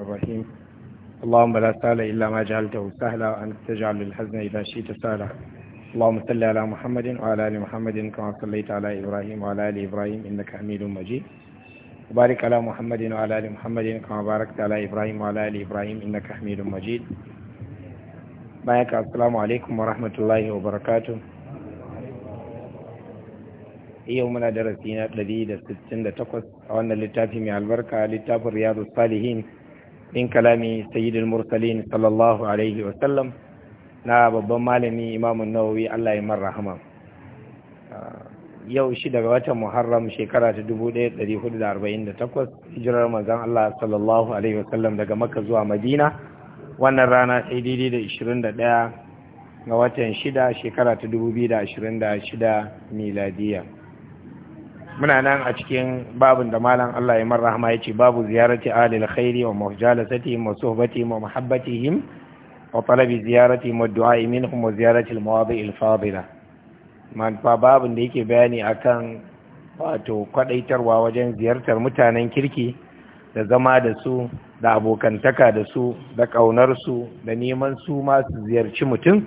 الرحيم اللهم لا سهل إلا ما جعلته سهلا وأنت تجعل الحزن إذا شئت سهلا اللهم صل على محمد وعلى آل محمد كما صليت على إبراهيم وعلى آل إبراهيم إنك حميد مجيد وبارك على محمد وعلى آل محمد كما باركت على إبراهيم وعلى آل إبراهيم إنك حميد مجيد معك السلام عليكم ورحمة الله وبركاته yau muna الذي na تقص a wannan littafi البركة albarka الرياض الصالحين min kalami sayyidul mursalin sallallahu alaihi wasallam na babban malami imamun nawawi Allah ya rahama yau shi daga watan muharram shekara ta 1448 hijirar manzon Allah sallallahu alaihi wasallam daga makka zuwa madina wannan rana sai daidai da 21 ga watan 6 shekara ta 2026 miladiyya muna nan a cikin babin da malam Allah ya ya yace babu ziyarati alil khairi wa mujalasatihim wa suhbatihim wa muhabbatihim wa talabi ziyaratihim wa du'a'i minhum wa ziyarati al mawadi'il fadila man fa babin da yake bayani akan wato kwadaitarwa wajen ziyartar mutanen kirki da zama da su da abokantaka da su da kaunar su da neman su ma ziyarci mutum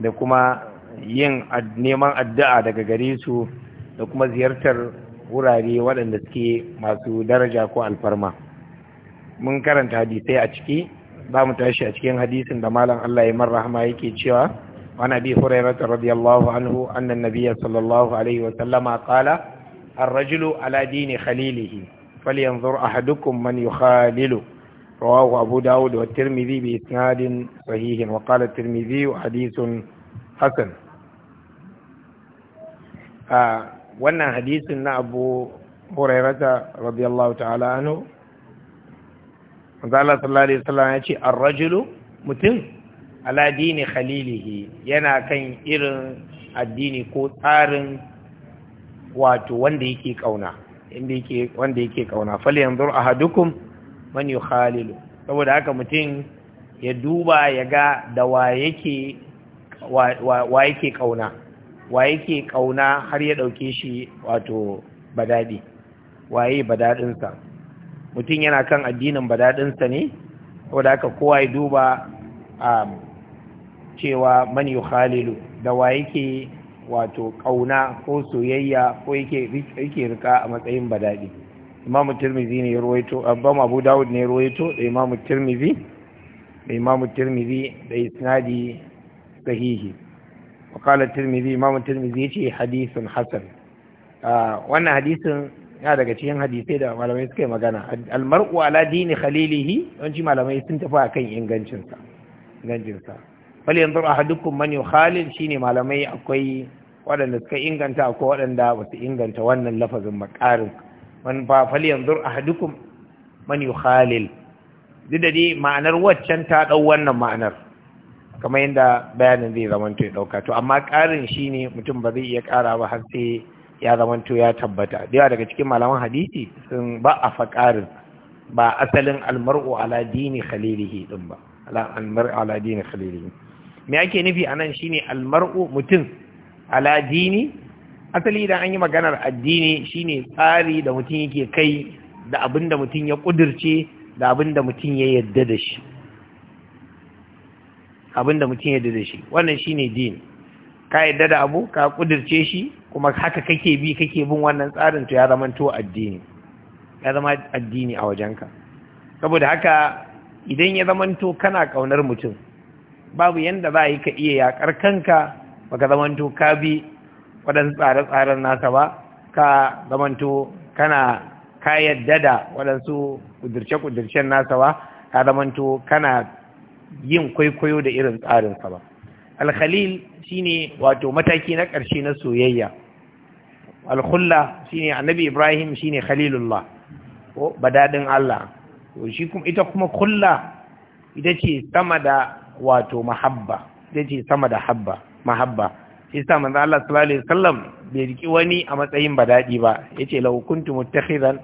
da kuma yin neman addu'a daga gare su da kuma ziyartar wurare waɗanda suke masu daraja ko alfarma mun karanta hadisai a ciki za mu tashi a cikin hadisin da malam Allah ya man rahama yake cewa wani abi hurairata radiyallahu anhu annan nabiya sallallahu alaihi wa sallama kala arrajulu ala dini khalilihi falyanzur ahadukum man yukhalilu rawahu abu dawud wa tirmidhi bi isnadin sahihin wa qala tirmidhi hadithun hasan ah, wannan hadisin na abu hurairata radiyallahu ta'ala anu. Allah sallallahu alaihi wasallam ya ce ar-rajulu mutum ala dini khalilihi yana kan irin addini ko tsarin wato wanda yake kauna inda yake wanda yake kauna fal yanzur ahadukum man yukhalilu saboda haka mutum ya duba ya ga da wa yake wa yake kauna wa yake kauna har ya dauke shi wato badadi waye badadinsa mutum yana kan addinin badadinsa ne saboda haka kowa ya duba a um, cewa man yukhalilu da wa yake wato kauna ko soyayya ko yake rika a matsayin badadi imam tirmizi ne ruwaito abban abu dawud ne ruwaito da imam tirmizi da imam tirmizi da isnadi sahihi وقال الترمذي امام الترمذي يجي حديث حسن wannan hadisin ya daga cikin hadisai da malamai suka yi magana almar'u ala dini khalilihi yawanci malamai sun tafi akan ingancinsa ingancinsa wal yanzu ahadukum man yukhalil shine malamai akwai waɗanda suka inganta akwai waɗanda ba su inganta wannan lafazin makarin man fa fal yanzu ahadukum man yukhalil duk da dai ma'anar waccan ta ɗau wannan ma'anar kamar yadda bayanin zai zamanto ya ɗauka to amma karin ne mutum ba zai iya kara ba har sai ya zamanto ya tabbata da yawa daga cikin malaman hadisi sun ba a fa karin ba asalin almar'u ala dini khalilihi din ba almar'u ala dini khalilihi me ake nufi anan shine almar'u mutum ala dini asali idan an yi maganar addini shine tsari da mutum yake kai da abin mutum ya kudirce da abinda da mutum ya yadda da shi abin da mutum yadda da shi wannan shine din ka yadda da abu ka kudirce shi kuma haka kake bi kake bin wannan tsarin to ya zama to addini ya zama addini a wajenka saboda haka idan ya zama to kana kaunar mutum babu yadda za yi ka iya yakar kanka baka zama to ka bi waɗansu tsare-tsaren nasa ba ka zama to kana ka yadda da waɗansu kudirce-kudircen nasa ba ka zama to kana yin kwaikwayo da irin tsarinsa ba alkhalil shine wato mataki na ƙarshe na soyayya alkhulla shine annabi ibrahim shine khalilullah ko Badaɗin allah shi kuma ita kuma khulla ita ce sama da wato mahabba ita ce sama da habba mahabba shi sa manzo Allah sallallahu alaihi wasallam bai riki wani a matsayin badaɗi ba yace law kuntu muttakhidan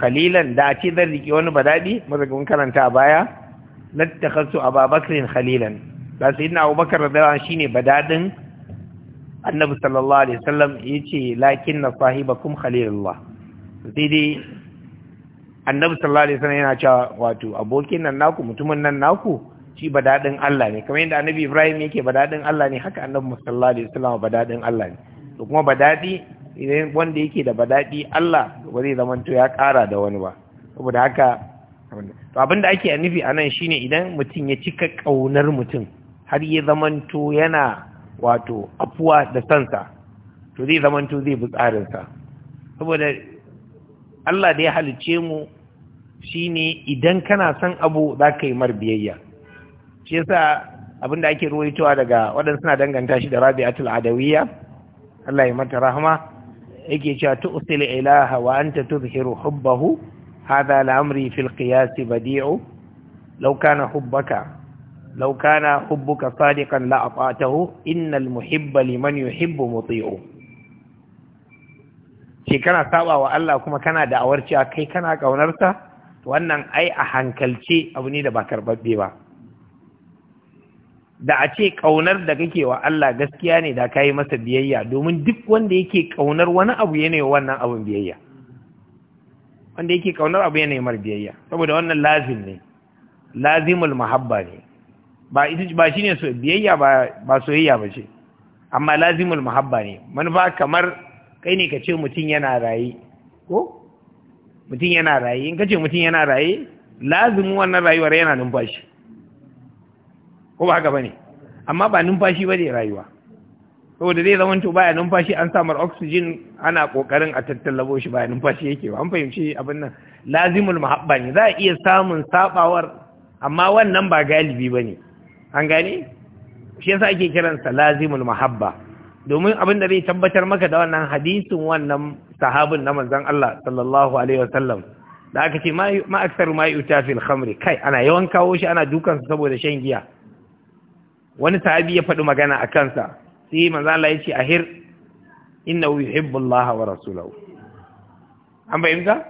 khalilan da a ce zan riki wani badadi mazagun karanta a baya lattakhasu ababakrin khalilan da sayyidina abubakar radiyallahu anhu shine badadin annabi sallallahu alaihi wasallam yace lakin na sahibakum khalilullah sai dai annabi sallallahu alaihi wasallam yana cewa wato abokin nan naku mutumin nan naku shi badadin Allah ne kamar yadda annabi Ibrahim yake badadin Allah ne haka annabi sallallahu alaihi wasallam badadin Allah ne to kuma badadi idan wanda yake da badadi Allah ba zai zama to ya kara da wani ba saboda haka to abin da ake nufi a nan shine idan mutum ya cika ƙaunar mutum har ya zamanto yana wato afuwa da sansa to zai zamanto zai bi tsarinsa saboda Allah da ya halice mu shine idan kana son abu za ka yi mar biyayya shi yasa da ake ruwaitowa daga waɗansu na danganta shi da rabi'atul adawiyya Allah ya mata rahama yake cewa tu'sil ilaha wa anta tuzhiru hubbahu هذا الأمر في القياس بديع لو كان حبك لو كان حبك صادقا لأطعته إن المحب لمن يحب مطيع shi kana saba wa Allah kuma kana da awarci a kai kana kaunarsa wannan ai a hankalce abu ne da ba karbabbe ba da a ce kaunar da kake wa Allah gaskiya ne da kayi masa biyayya domin duk wanda yake kaunar wani abu yana wannan abun biyayya wanda yake kaunar abu yana mar biyayya saboda wannan lazim ne lazimul mahabba ne ba ita ba shine so biyayya ba ba soyayya ba ce amma lazimul mahabba ne manufa kamar kai ne ka ce mutum yana raye ko mutum yana raye in ka ce mutum yana raye lazimu wannan rayuwar yana numfashi ko ba haka bane amma ba numfashi bane rayuwa saboda zai zama to baya numfashi an samar oxygen ana kokarin a tattallabo shi baya numfashi yake ba an fahimci abin nan lazimul mahabba ne za a iya samun sabawar amma wannan ba galibi bane an gane shi yasa ake kiransa lazimul mahabba domin abin da zai tabbatar maka da wannan hadisin wannan sahabin na manzon Allah sallallahu alaihi wasallam da aka ce ma aksaru ma yuta fil khamri kai ana yawan kawo shi ana dukansa saboda shan giya wani sahabi ya faɗi magana a kansa sai manzo Allah ya ce ahir innahu yuhibbullaha wa rasulahu an fahimta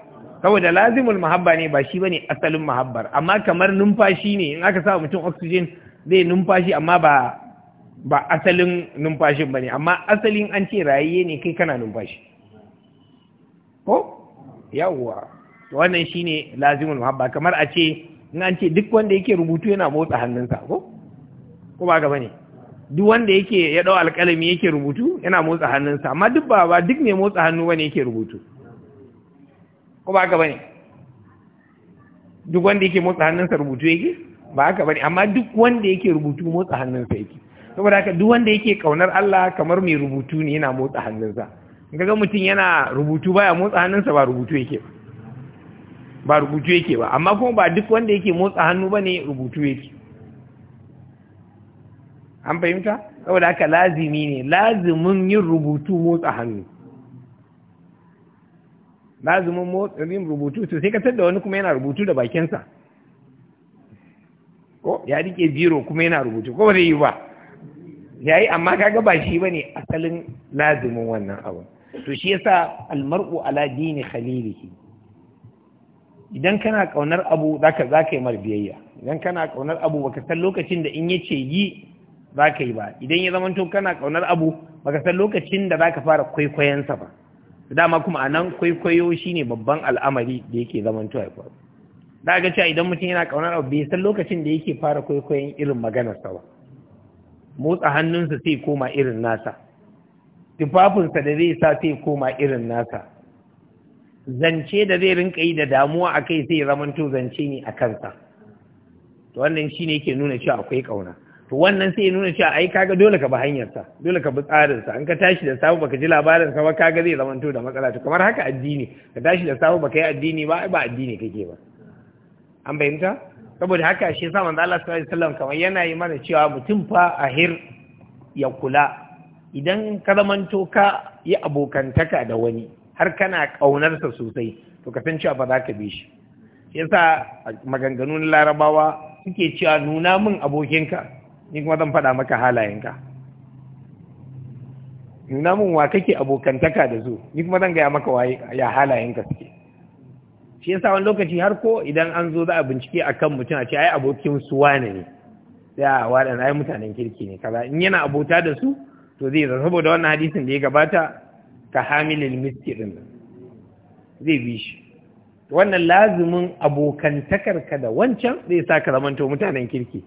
saboda lazimul mahabba ne ba shi bane asalin mahabbar amma kamar numfashi ne in aka sa mutum oxygen zai numfashi amma ba ba asalin numfashin bane amma asalin an ce rayiye ne kai kana numfashi ko yawwa wannan shine lazimul mahabba kamar a ce in an ce duk wanda yake rubutu yana motsa hannunsa ko ko ba ga bane duk wanda yake ya ɗau alƙalami yake rubutu yana motsa hannunsa amma duk ba ba duk ne motsa hannu bane yake rubutu ko ba haka ne duk wanda yake motsa hannunsa rubutu yake ba haka ne amma duk wanda yake rubutu motsa hannunsa yake saboda haka duk wanda yake kaunar Allah kamar mai rubutu ne yana motsa hannunsa ga mutum yana rubutu baya motsa hannunsa ba rubutu yake ba ba rubutu yake ba amma kuma ba duk wanda yake motsa hannu bane rubutu yake an fahimta saboda haka lazimi ne lazimin yin rubutu motsa hannu lazimin yin rubutu su sai katar da wani kuma yana rubutu da bakinsa ko ya rike biro kuma yana rubutu ko zai yi ba ya yi amma kaga ba shi ba ne asalin lazimin wannan abu to shi yasa almar'u ala dini khalilihi idan kana kaunar abu zaka zaka yi marbiyayya idan kana kaunar abu baka san lokacin da in yace yi za ka yi ba idan ya zamanto kana ƙaunar abu baka san lokacin da za ka fara kwaikwayonsa ba dama kuma a nan kwaikwayo shi ne babban al'amari da yake zama tun faru da ga cewa idan mutum yana ƙaunar abu bai san lokacin da yake fara kwaikwayon irin maganarsa ba motsa hannunsa sai koma irin nasa tufafinsa da zai sa sai koma irin nasa zance da zai rinka yi da damuwa a kai sai ya zamanto zance ne a kansa to wannan ne yake nuna cewa akwai ƙauna to wannan sai ya nuna cewa ai kaga dole ka bi hanyarsa dole ka bi tsarinsa an ka tashi da safe baka ji labarin ba kaga zai to da matsala to kamar haka addini ka tashi da safe baka yi addini ba ba addini kake ba an bayyanta saboda haka shi yasa manzo Allah sallallahu alaihi wasallam kamar yana yi mana cewa mutum fa ahir ya kula idan ka zamanto ka yi abokantaka da wani har kana ƙaunarsa sosai to ka san cewa ba za ka bi shi yasa maganganun larabawa suke cewa nuna min abokinka ni kuma zan faɗa maka halayenka nuna min wa kake abokantaka da zo ni kuma zan gaya maka waye ya halayenka suke shi yasa wani lokaci har ko idan an zo za a bincike akan mutum a ce ai abokin su wane ne ya waɗanda ai mutanen kirki ne kaza in yana abota da su to zai zan saboda wannan hadisin da ya gabata ka hamilin miski din zai bi shi wannan lazumin abokantakarka da wancan zai sa ka zamanto mutanen kirki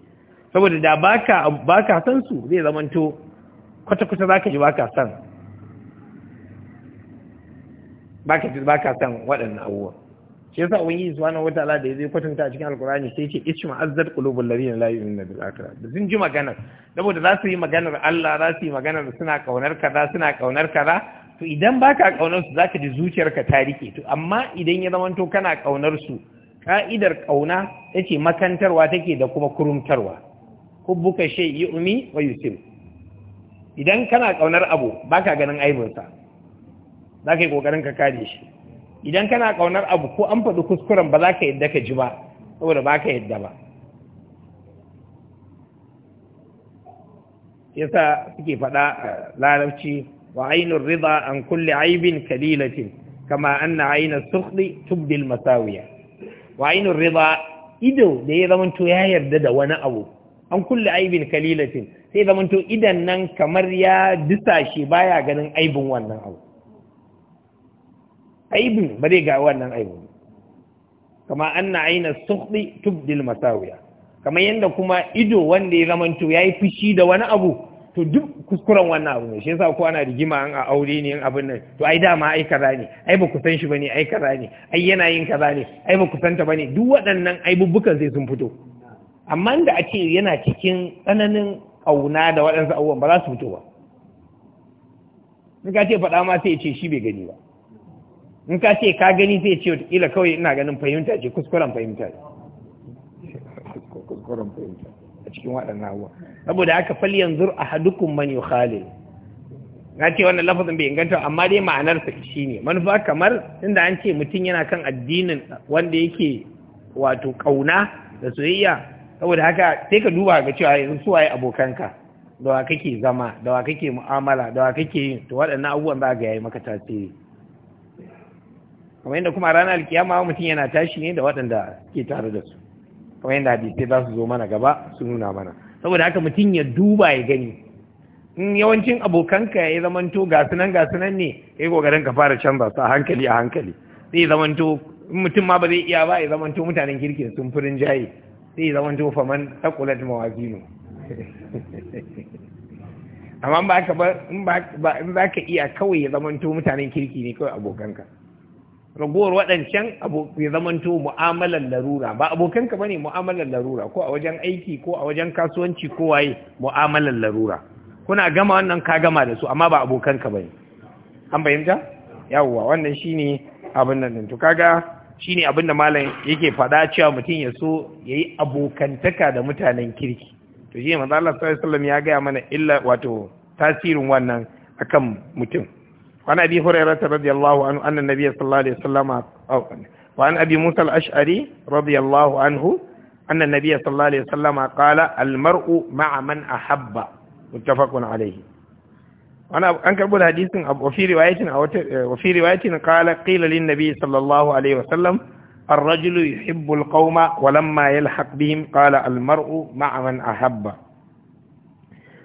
saboda da baka baka san su zai zamanto kwata-kwata zaka ji baka san baka ji baka san waɗannan abubuwa shi yasa ubangiji wata ala da zai kwatanta a cikin alkurani sai ce ishi ma'azzar kulubun ladina layu yu'minuna bil akhirah da sun ji maganar. saboda za su yi maganar Allah za su yi maganar suna kaunar kaza suna kaunar kaza to idan baka kaunar su zaka ji zuciyarka ta rike to amma idan ya zamanto kana kaunar su ka'idar kauna yace makantarwa take da kuma kurumtarwa hubbuka shay yu'mi wa yusir idan kana kaunar abu baka ganin aibinsa za ka yi kokarin ka kare shi idan kana kaunar abu ko an faɗi kuskuren ba za ka yadda ka ji ba saboda ba yadda ba yasa suke faɗa larabci wa ainun rida an kulle aibin kalilatin kama anna aina sukhdi tubdil masawiya wa ainun rida ido da ya zamanto ya yarda da wani abu an kulle aibin kalilatin sai to idan nan kamar ya disashe baya ganin aibin wannan abu aibin ba zai ga wannan aibin kama anna aina sukhdi tubdil masawiya kama yadda kuma ido wanda ya zamanto ya yi fushi da wani abu to duk kuskuren wannan abu ne shi yasa ko ana rigima an a aure ne abin nan to ai dama ai kaza ne ai ba ku san shi bane ai kaza ne ai yana yin kaza ne ai ba ku santa bane duk waɗannan aibubbukan sai sun fito amma da ake yana cikin tsananin ƙauna da waɗansu abubuwan ba za su fito ba in ka ce faɗa ma sai ce shi bai gani ba in ka ce ka gani sai ce ila kawai ina ganin fahimta ce kuskuren fahimta kuskuren fahimta a cikin waɗannan abubuwa saboda haka fal yanzu a hadukun man khali. na ce wannan lafazin bai inganta amma dai ma'anarsa shi ne manufa kamar inda an ce mutum yana kan addinin wanda yake wato ƙauna da soyayya saboda haka sai ka duba ga cewa yanzu suwaye abokanka da wa kake zama da wa kake mu'amala da wa kake yin to waɗannan abubuwan za ga yayi maka tasiri kamar yadda kuma ranar alkiyama mutum yana tashi ne da waɗanda ke tare da su kamar yadda hadisai za su zo mana gaba su nuna mana saboda haka mutum ya duba ya gani in yawancin abokanka ya zamanto ga sunan ga sunan ne kai kokarin ka fara canza su a hankali a hankali zai zamanto in mutum ma ba zai iya ba ya zamanto mutanen kirkin sun furin jaye sai zaman to man taqulat mawazinu amma ba ka ba in ba ka iya kawai ya zaman to mutanen kirki ne kawai abokanka ragowar waɗancan ya to mu'amalar larura ba abokanka bane mu'amalar larura ko a wajen aiki ko a wajen kasuwanci ko waye mu'amalar larura kuna gama wannan ka gama da su amma ba abokanka bane an fahimta yawwa wannan shine abin nan to kaga shine abin da malam yake faɗa cewa mutum ya so ya yi abokantaka da mutanen kirki to shi manzo Allah sallallahu ya gaya mana illa wato tasirin wannan akan mutum وعن أبي هريرة رضي الله عنه أن النبي صلى الله عليه وسلم وعن Musa Al-Ashari رضي Anhu, عنه أن النبي صلى الله عليه al mar'u المرء مع من أحب متفق an karɓo da hadisin a wafi riwayatin a wata eh, wafi qila lin nabi sallallahu alaihi wasallam الرجل يحب القوم ولما يلحق بهم قال المرء مع من أحب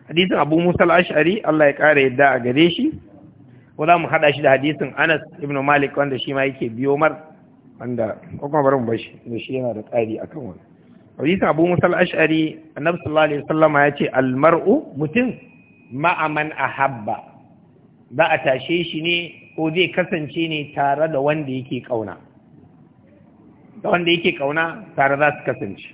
حديث أبو موسى الأشعري الله يقارئ يدعى قريشي ولا محدش ده حديث wanda ko kuma bari mu shi da shi yana da ƙari akan wani hadisin Abu Musa al-Ash'ari Annabi sallallahu alaihi wasallama ya ce al-mar'u mutum ma'aman a habba. za a tashe shi ne ko zai kasance ne tare da wanda yake kauna da wanda yake kauna tare za su kasance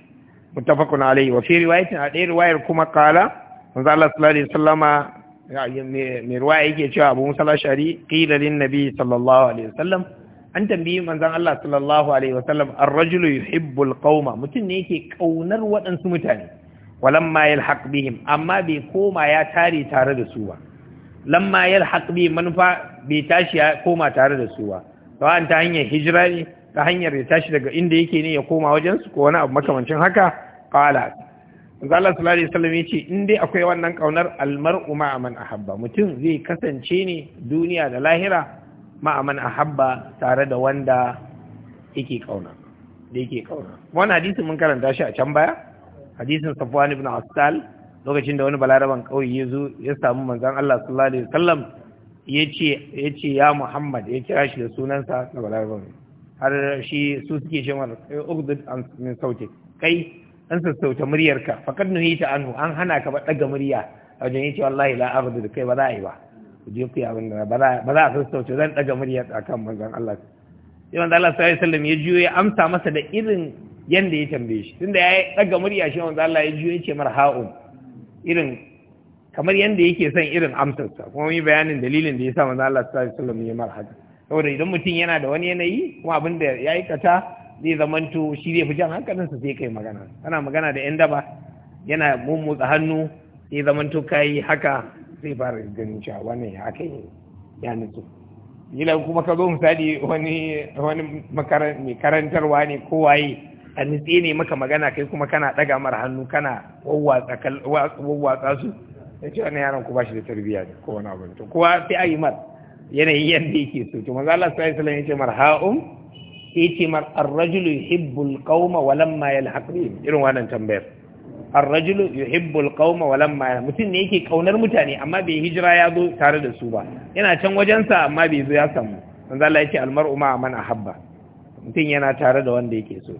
muttafaqun alayhi wa fi riwayatin a ɗaya riwayar kuma kala manzo Allah sallallahu alaihi wasallama mai riwaya yake cewa Abu Musa al-Ashari qila lin nabi sallallahu alaihi wasallam an tambayi manzon Allah sallallahu alaihi wasallam ar-rajulu yuhibbul qauma mutum ne yake kaunar waɗansu mutane walamma yalhaq bihim amma bai koma ya tare tare da su ba lamma yalhaq bi manufa bai tashi ya koma tare da su ba to an ta hanyar hijira ne ta hanyar ya tashi daga inda yake ne ya koma wajen su ko wani abu makamancin haka qala manzo Allah sallallahu alaihi wasallam yace in dai akwai wannan kaunar almar'u ma'a man ahabba mutum zai kasance ne duniya da lahira ma'a man ahabba tare da wanda yake kauna da yake kauna wannan hadisi mun karanta shi a can baya hadisin safwan ibn asal lokacin da wani balaraban kauye ya zo ya samu manzon Allah sallallahu alaihi wasallam yace yace ya Muhammad ya kira shi da sunansa na balaraban har shi su suke ce mana ugdud an min sauti kai an sassauta muryarka faqad nuhita anhu an hana ka ba daga murya a wajen yace wallahi la ugdud kai ba za a yi ba ku je ku yi abin da ba za a sassauta zan daga murya akan manzon Allah sai manzon Allah sallallahu alaihi wasallam ya juyo ya amsa masa da irin yanda ya tambaye shi tunda ya daga murya shi wanda Allah ya ji ya ce marha'un irin kamar yanda yake son irin amsarsa kuma mai bayanin dalilin da ya sa manzo Allah sallallahu alaihi wasallam ya marhaka saboda idan mutum yana da wani yanayi kuma abin da ya aikata zai zamanto shi zai fi jan sa sai kai magana ana magana da yan daba yana mummutsa hannu sai zamanto kai haka sai fara ganin cewa wannan ya haka ya nutsu kila kuma ka zo misali wani wani mai karantarwa ne ko waye a nitse ne maka magana kai kuma kana ɗaga mara hannu kana wawwatsa su ya ce wani yaron ku ba shi da tarbiyya ne ko wani abu to kowa sai a yi mar yanayin yadda yake so to manzo Allah sallallahu alaihi wasallam ya ce marha'um ya ce mar ar-rajulu yuhibbul qauma wa lamma yalhaq irin wannan tambayar ar-rajulu yuhibbul qauma wa lamma mutum ne yake kaunar mutane amma bai hijira ya zo tare da su ba yana can wajensa amma bai zo ya samu manzo Allah ya ce al-mar'u ma man ahabba mutum yana tare da wanda yake so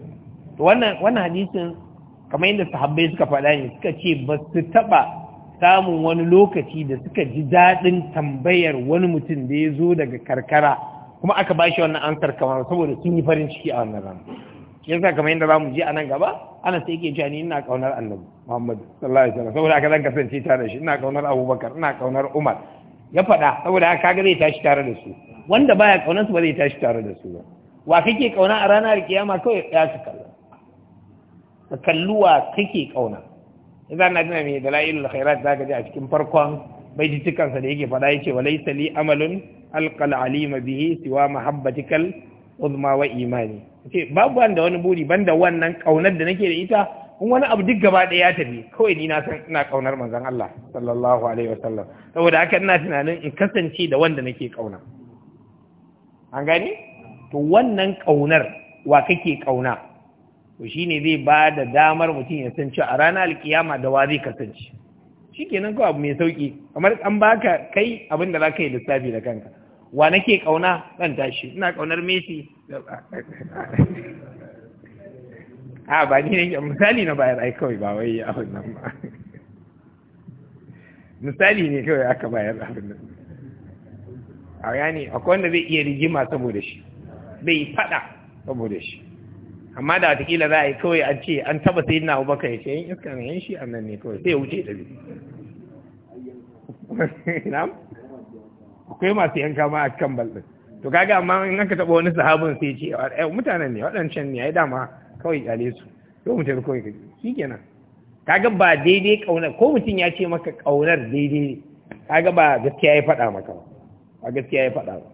wannan wannan hadisin kamar yadda sahabbai suka faɗa ne suka ce ba su taɓa samun wani lokaci da suka ji daɗin tambayar wani mutum da ya zo daga karkara kuma aka ba shi wannan ansar kamar saboda sun yi farin ciki a wannan rana sa kamar yadda za mu ji a nan gaba ana sai yake cewa ni ina kaunar annabi muhammad sallallahu alaihi wasallam saboda aka zan kasance tare da shi ina kaunar abubakar ina kaunar umar ya faɗa saboda aka kaga zai tashi tare da su wanda baya kaunar su ba zai tashi tare da su ba wa kake kauna a ranar kiyama kawai ya ka kalla ka kalluwa kake kauna idan na tuna mai da khairat zaka ji a cikin farkon ji cikansa da yake faɗa yake walaysa li amalun alqal alima bihi siwa mahabbatikal uzma wa imani ce babu wanda wani buri banda wannan kaunar da nake da ita in wani abu duk gaba ɗaya ya tafi kawai ni na san ina kaunar manzon Allah sallallahu alaihi wasallam saboda haka ina tunanin in kasance da wanda nake kauna an gani? to wannan kaunar wa kake kauna to ne zai ba da damar mutum ya san cewa a ranar alkiyama da wa zai kasance shi kenan kawai abu mai sauki kamar an baka kai abin da ka yi lissafi da kanka wa nake kauna ɗan tashi ina kaunar Messi a ba ni ne misali na bayar ai kawai ba wai abin nan ba misali ne kawai aka bayar abin nan a yani akwai wanda zai iya rigima saboda shi bai fada saboda shi amma da watakila za a yi kawai a ce an taba sai na abubakar ya ce yin iska ne yan shi a nan ne kawai sai ya wuce da biyu akwai masu yanka ma a kan balɗi. to kaga amma in aka taɓa wani sahabin sai ce eh, mutanen ne waɗancan ne ya yi dama kawai kyale su yau mutum kawai ka shi kenan kaga ba daidai ƙaunar ko mutum ya ce maka ƙaunar daidai kaga ba gaskiya ya faɗa maka ba gaskiya ya faɗa ba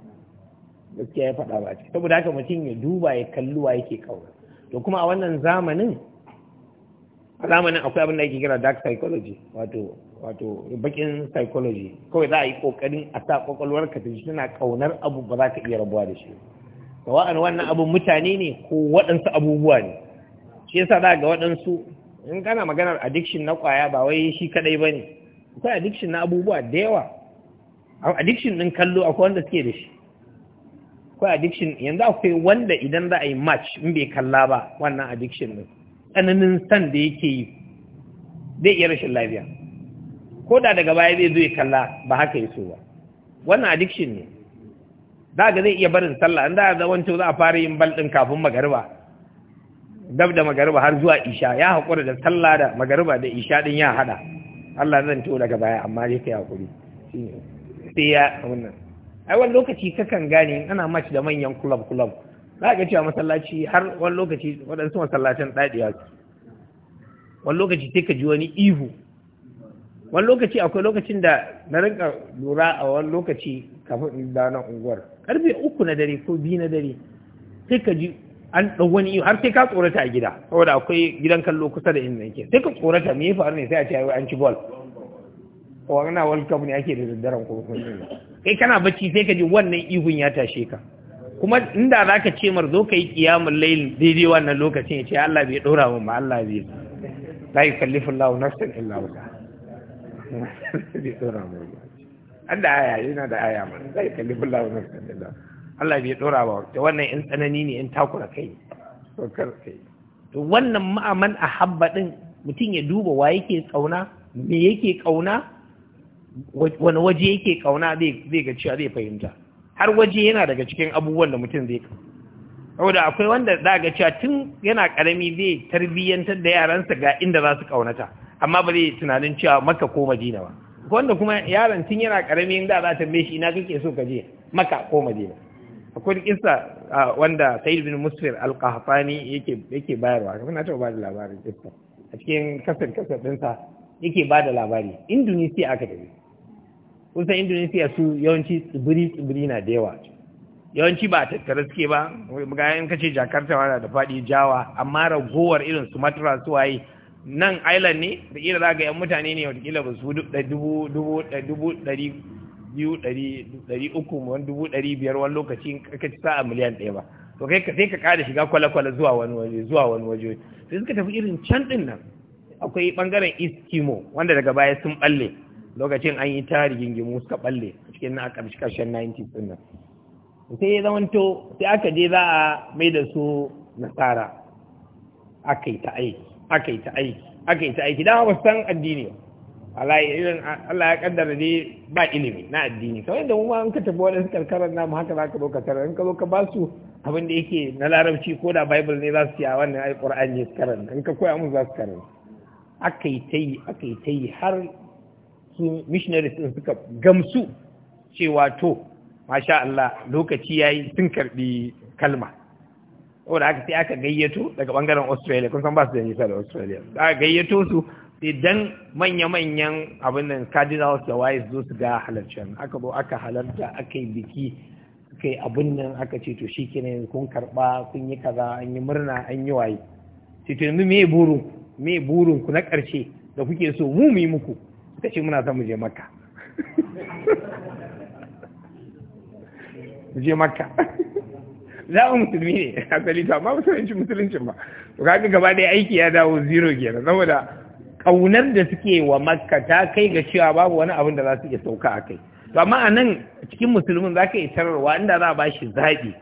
gaskiya ya faɗa ba saboda haka mutum ya duba ya kalluwa yake ƙaunar to kuma a wannan zamanin a zamanin akwai abin da ake kira dark psychology wato wato bakin psychology kawai za a yi kokarin a sa kwakwalwar ka ta tana kaunar abu ba za ka iya rabuwa da shi wa'an wannan abu mutane ne ko waɗansu abubuwa ne shi yasa za ga waɗansu in kana maganar addiction na kwaya ba wai shi kaɗai ba ne akwai addiction na abubuwa da yawa addiction ɗin kallo akwai wanda suke da shi akwai addiction yanzu akwai wanda idan za a yi match in bai kalla ba wannan addiction ne tsananin san da yake yi zai iya rashin lafiya ko da daga baya zai zo ya kalla ba haka ya so ba wannan addiction ne za ga zai iya barin sallah in za a za a fara yin bal ɗin kafin magariba dab da magariba har zuwa isha ya haƙura da sallah da magariba da isha din ya haɗa Allah zan to daga baya amma dai ka yi haƙuri sai ya wannan ai wani lokaci kakan gane ana mace da manyan kulab kulab za ga cewa masallaci har wani lokaci waɗansu masallacin ɗaɗiya su wani lokaci sai ka ji wani ihu wani lokaci akwai lokacin da na rinka lura a wani lokaci kafin in da na unguwar karfe uku na dare ko biyu na dare sai ka ji an ɗau wani ihu har sai ka tsorata a gida saboda akwai gidan kallo kusa da inda yake sai ka tsorata me ya faru ne sai a ce an ci bol wannan world cup ne ake da daddaren kuma kai kana bacci sai ka ji wannan ihun ya tashe ka kuma inda za ka ce mar zo ka yi kiyamun lailin daidai wannan lokacin ya ce Allah bai ɗora wa ma Allah bai la yi kallifin lawo sun illa wuta bai ɗora mu an da aya yana da aya ma la yi kallifin lawo nafsin illa Allah bai ɗora ba ta wannan in tsanani ne in takura kai to kar kai to wannan ma'aman a habba din mutum ya duba wa yake kauna me yake kauna wani waje yake kauna zai ga cewa zai fahimta har waje yana daga cikin abubuwan da mutum zai saboda akwai wanda za ga cewa tun yana karami zai tarbiyyantar da yaransa ga inda za su kaunata amma ba zai tunanin cewa maka ko madina ba wanda kuma yaron tun yana karami inda za ta shi ina kake so ka je maka ko madina akwai kisa wanda Sayyid bin Musfir al-Qahtani yake yake bayarwa kuma na ba da labarin kisa a cikin kasar kasar dinsa yake bada labari Indonesia aka tafi Kusan san indonesia su yawanci tsibiri tsibiri na da yawa yawanci ba tattara suke ba ga in kace jakarta na da faɗi jawa amma ragowar irin sumatra su waye nan island ne da kila za yan mutane ne watakila ba su dubu dubu dubu ɗari biyu ɗari uku wani dubu ɗari biyar wani lokaci ka ci sa'a miliyan ɗaya ba to kai ka sai ka kada shiga kwale-kwale zuwa wani waje zuwa wani waje sai suka tafi irin can ɗin nan akwai ɓangaren east wanda daga baya sun ɓalle lokacin an yi tari gingimu suka balle cikin na ƙarshe ƙarshen 90 din nan sai ya to sai aka je za a mai da su nasara aka yi ta aiki aka yi ta aiki aka yi ta aiki dama ba san addini Allah ya kaddara dai ba ilimi na addini kawai da mu an ka tafi waɗansu karkarar namu haka za ka zo ka tarar in ka zo ka ba su abin da yake na larabci ko da bible ne za su yi a wannan ai qur'ani ne su karanta in ka koya musu za su karanta aka yi ta yi aka yi ta yi har su missionaries din suka gamsu cewa to masha Allah lokaci yayi sun karbi kalma saboda haka sai aka gayyato daga bangaren Australia kun san ba su da nisa da Australia aka gayyato su sai dan manya-manyan abin nan cardinals da wise zo su ga halarcin aka bo aka halarta aka yi biki aka yi abin nan aka ce to shi kenan kun karba kun yi kaza an yi murna an yi waye sai to yanzu me burin me burin ku na karshe da kuke so mu mu yi muku da shi muna son mu je makka je makka za a musulmi ne a salita ma musulunci musuluncin ba to kaga gaba da aiki ya dawo zero kenan saboda kaunar da suke wa makka ta kai ga cewa babu wani abin da za su iya sauka a kai to amma a nan cikin musulmin za ka yi tararwa inda za a ba shi zaɓi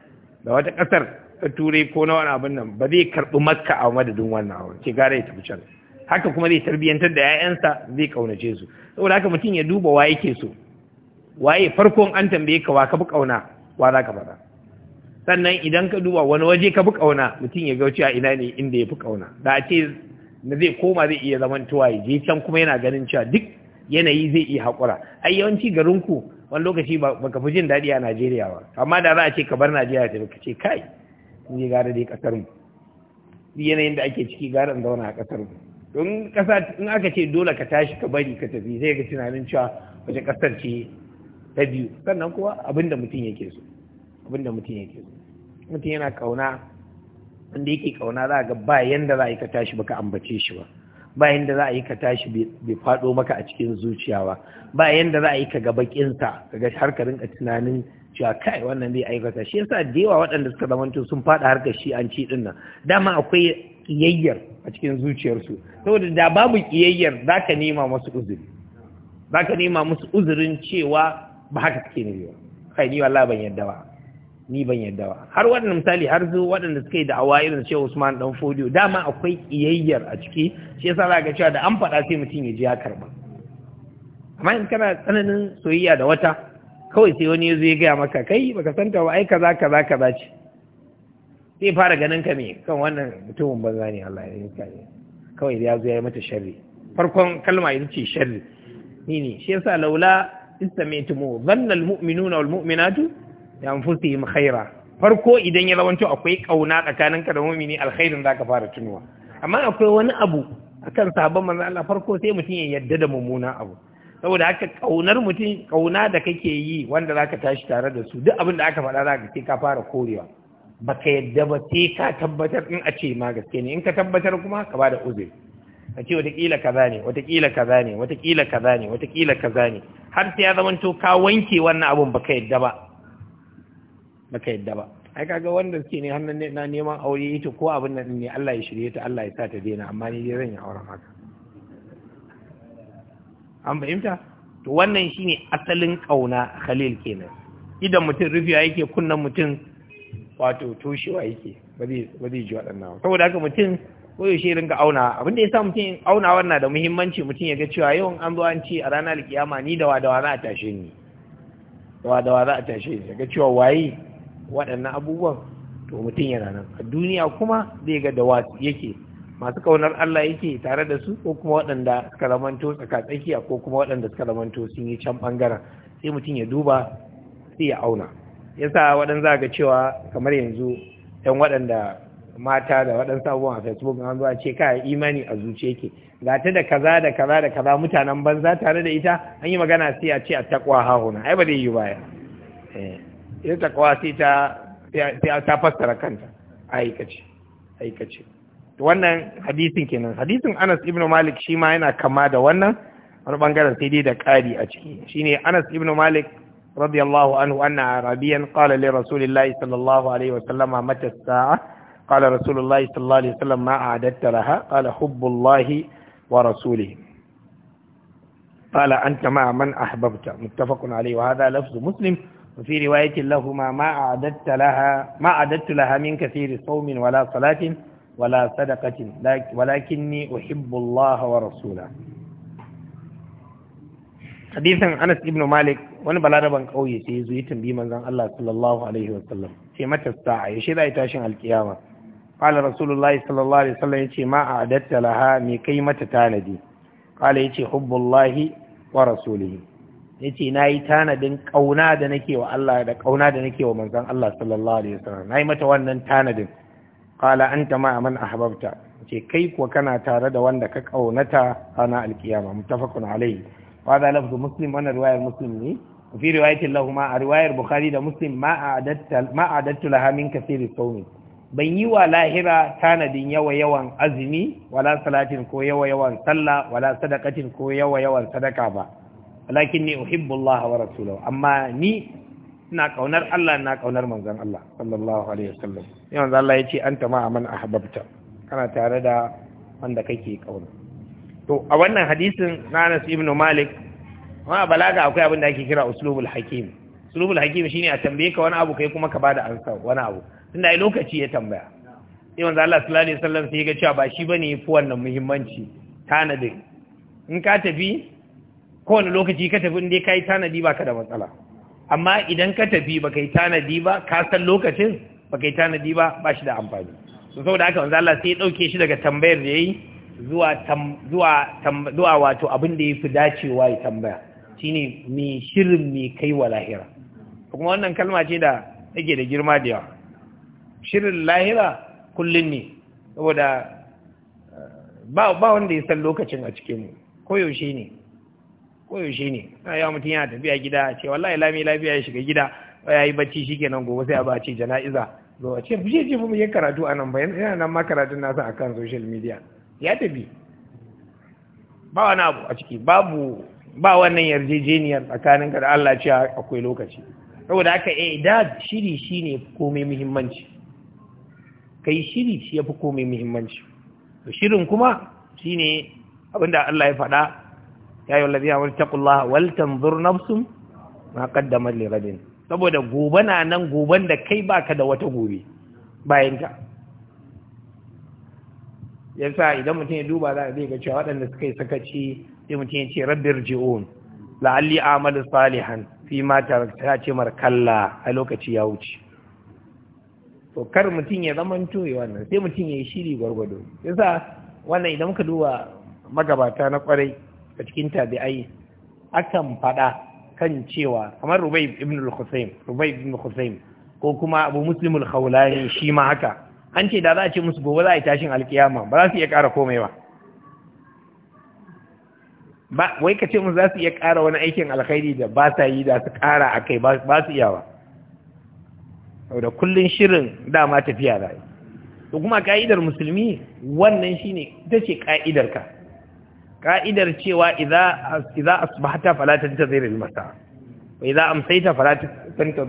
da wata ƙasar ta turai ko na wani abin nan ba zai karɓi makka a madadin wannan ce gara ya tafi can haka kuma zai tarbiyyantar da 'ya'yansa zai kaunace su saboda haka mutum ya duba wa yake so waye farkon an tambaye ka wa ka bi kauna wa za ka fara sannan idan ka duba wani waje ka bi kauna mutum ya gauce a ina ne inda ya fi kauna da a ce na zai koma zai iya zaman tuwa ya je can kuma yana ganin cewa duk yanayi zai iya haƙura ai yawanci garin ku wani lokaci ba ka fi jin daɗi a Najeriya ba amma da za a ce ka bar Najeriya ta ka ce kai ni gara dai kasar mu yanayin da ake ciki gara in zauna a kasar mu in kasa in aka ce dole ka tashi ka bari ka tafi zai ga tunanin cewa wajen ƙasar ce ta biyu sannan kuwa abinda mutum yake so abinda mutum yake so mutum yana kauna wanda yake kauna za ga ba yanda za a yi ka tashi baka ambace shi ba ba yanda za a yi ka tashi bai faɗo maka a cikin zuciya ba ba yanda za a yi ka ga bakinsa kaga har ka rinka tunanin cewa kai wannan zai aikata shi yasa da yawa waɗanda suka zamanto sun faɗa harkar shi an ci dinnan. nan dama akwai ƙiyayyar a cikin zuciyarsu saboda da babu ƙiyayyar za ka nema masu uzuri za ka nema musu uzurin cewa ba haka suke ne ba kai ni wallahi ban yadda ba ni ban yadda ba har waɗannan misali har zu waɗanda suka yi da awa irin cewa Usman dan fodio dama akwai ƙiyayyar a ciki shi yasa za ka cewa da an faɗa sai mutum ya ji ya karɓa amma in kana tsananin soyayya da wata kawai sai wani ya zo ya gaya maka kai baka santa ba ai kaza kaza kaza ce zai fara ganin ka me kan wannan mutumin banza ne Allah ya yi ne kawai ya zo ya mata sharri farkon kalma ita ce sharri ni ne shi yasa laula istamaitumu dhanna almu'minuna walmu'minatu bi anfusihim khaira farko idan ya zawanto akwai kauna ka da mu'mini alkhairin zaka fara tunuwa amma akwai wani abu akan sabon manzo Allah farko sai mutum ya yadda da mummuna abu saboda haka kaunar mutum kauna da kake yi wanda zaka tashi tare da su duk abin da aka faɗa zaka ce ka fara korewa baka yadda ba sai ka tabbatar in a ce ma gaske ne in ka tabbatar kuma ka bada uzuri a ce watakila kaza ne watakila kaza ne watakila kaza ne watakila kaza ne har sai ya zamanto ka wanke wannan abun baka yadda ba baka yadda ba ai kaga wanda suke ne hannun na neman aure ita ko abin nan ne Allah ya shirye ta Allah ya sa ta daina amma ni dai zan yi auren haka an fahimta to wannan shine asalin kauna Khalil kenan idan mutum rufiya yake kunnan mutum wato toshewa yake ba zai ji waɗannan wa saboda haka mutum koyaushe ringa auna abin da ya sa mutum auna wannan da muhimmanci mutum ya ga cewa yawan an zo an ce a ranar alkiyama ni da wadawa za a tashe ni wadawa za a tashe ni ga cewa waye waɗannan abubuwan to mutum yana nan a duniya kuma zai ga da wasu yake masu kaunar Allah yake tare da su ko kuma waɗanda suka ramanto tsaka tsakiya ko kuma waɗanda suka ramanto sun yi can ɓangaren sai mutum ya duba sai ya auna yasa waɗanda za ga cewa kamar yanzu ɗan waɗanda mata da waɗansu abubuwan a facebook an zuwa ce kai imani a zuciya ke ga ta da kaza da kaza da kaza mutanen banza tare da ita an yi magana sai a ce a takwa hahuna ai ba zai yi baya eh takwa sai ta sai ta fassara kanta aikace aikace wannan hadisin kenan hadisin Anas ibn Malik shi ma yana kama da wannan wani bangaren sai dai da ƙari a ciki shine Anas ibn Malik رضي الله عنه أن أعرابيا قال لرسول الله صلى الله عليه وسلم متى الساعة قال رسول الله صلى الله عليه وسلم ما أعددت لها قال حب الله ورسوله قال أنت مع من أحببت متفق عليه وهذا لفظ مسلم وفي رواية لهما ما أعددت لها ما أعددت لها من كثير صوم ولا صلاة ولا صدقة ولكني أحب الله ورسوله حديث أنس بن مالك wani balaraban ƙauye sai zo ya tambayi manzon Allah sallallahu alaihi wa sallam ce mata sa'a yaushe za a yi tashin alkiyama qala rasulullah sallallahu alaihi wa sallam yace ma a'adatta laha me kai mata tanadi qala yace hubbullahi wa rasulihi yace nayi tanadin kauna da nake wa Allah da kauna da nake wa manzon Allah sallallahu alaihi wa sallam nayi mata wannan tanadin qala anta ma man ahbabta ce kai kuwa kana tare da wanda ka kaunata ana alkiyama muttafaqun alaihi وهذا لفظ مسلم wannan روايه مسلم ne fi riwayatin lahuma a riwayar bukhari da muslim ma a'adattu laha min kasiri sawmi ban yi wa lahira tanadin yawan azumi wala salatin ko yawan sallah wala sadaqatin ko yawan sadaka ba walakin ni uhibbu Allah amma ni ina kaunar Allah ina kaunar manzon Allah sallallahu alaihi wasallam sai manzon Allah yace anta ma man ahbabta kana tare da wanda kake kauna to a wannan hadisin na Anas ibn Malik ma balaga akwai abin da ake kira uslubul hakim uslubul hakim shine a tambaye ka wani abu kai kuma ka bada ansa wani abu tunda ai lokaci ya tambaya sai manzo Allah sallallahu alaihi wasallam sai ya ga cewa ba shi bane yafi wannan muhimmanci tanadi in ka tafi ko wani lokaci ka tafi inda dai kai tanadi baka da matsala amma idan ka tafi baka yi tanadi ba ka san lokacin baka yi tanadi ba ba shi da amfani to saboda haka manzo Allah sai ya dauke shi daga tambayar da yayi zuwa zuwa zuwa wato abin da yafi dacewa ya tambaya shine mi shirin mi kai wa lahira kuma wannan kalma ce da take da girma da yawa shirin lahira kullum ne saboda eh, ba wanda ya san lokacin a mu koyaushe ne koyaushe ne na yawa mutum yana tafiya gida a ce wallahi lami lafiya ya shiga gida ya yi bacci shi kenan gobe sai a ba ce jana'iza zo a ce buje ce mu yi karatu a nan bayan yana nan ma karatun nasa a kan social media ya tafi ba wani abu a ciki babu ba wannan yarjejeniyar tsakaninka da Allah ce akwai lokaci saboda haka da shiri shine komai muhimmanci kai shiri shi yafi komai muhimmanci to shirin kuma shine abinda Allah ya faɗa ya yi wallazi ya taqullaha wal tanzur nafsum ma qaddamat li ghadin saboda gobe na nan goben da kai baka da wata gobe bayan ka. yasa idan mutum ya duba za a zai ga cewa waɗanda suka yi sakaci sai mutum ce rabbir ji'un la'alli amalu salihan fi ma tarakta ce mar kalla a lokaci ya wuce to kar mutum ya zama tuwe wannan sai mutum ya yi shiri gwargwado yasa wannan idan muka duba magabata na kwarai a cikin tabi'ai akan faɗa kan cewa kamar rubai ibn al-husayn rubai ibn al-husayn ko kuma abu muslim al-khawlani shi ma haka an ce da za a ce musu gobe za a yi tashin alkiyama ba za su iya kara komai ba ba wai ka ce mu za su iya ƙara wani aikin alkhairi da ba sa yi da su ƙara a kai ba su iyawa da kullum shirin dama tafiya da yi to kuma ka'idar musulmi wannan shine ita ce ka'idar ka ka'idar cewa idza idza asbahta ta zai al-masa wa idza amsayta fala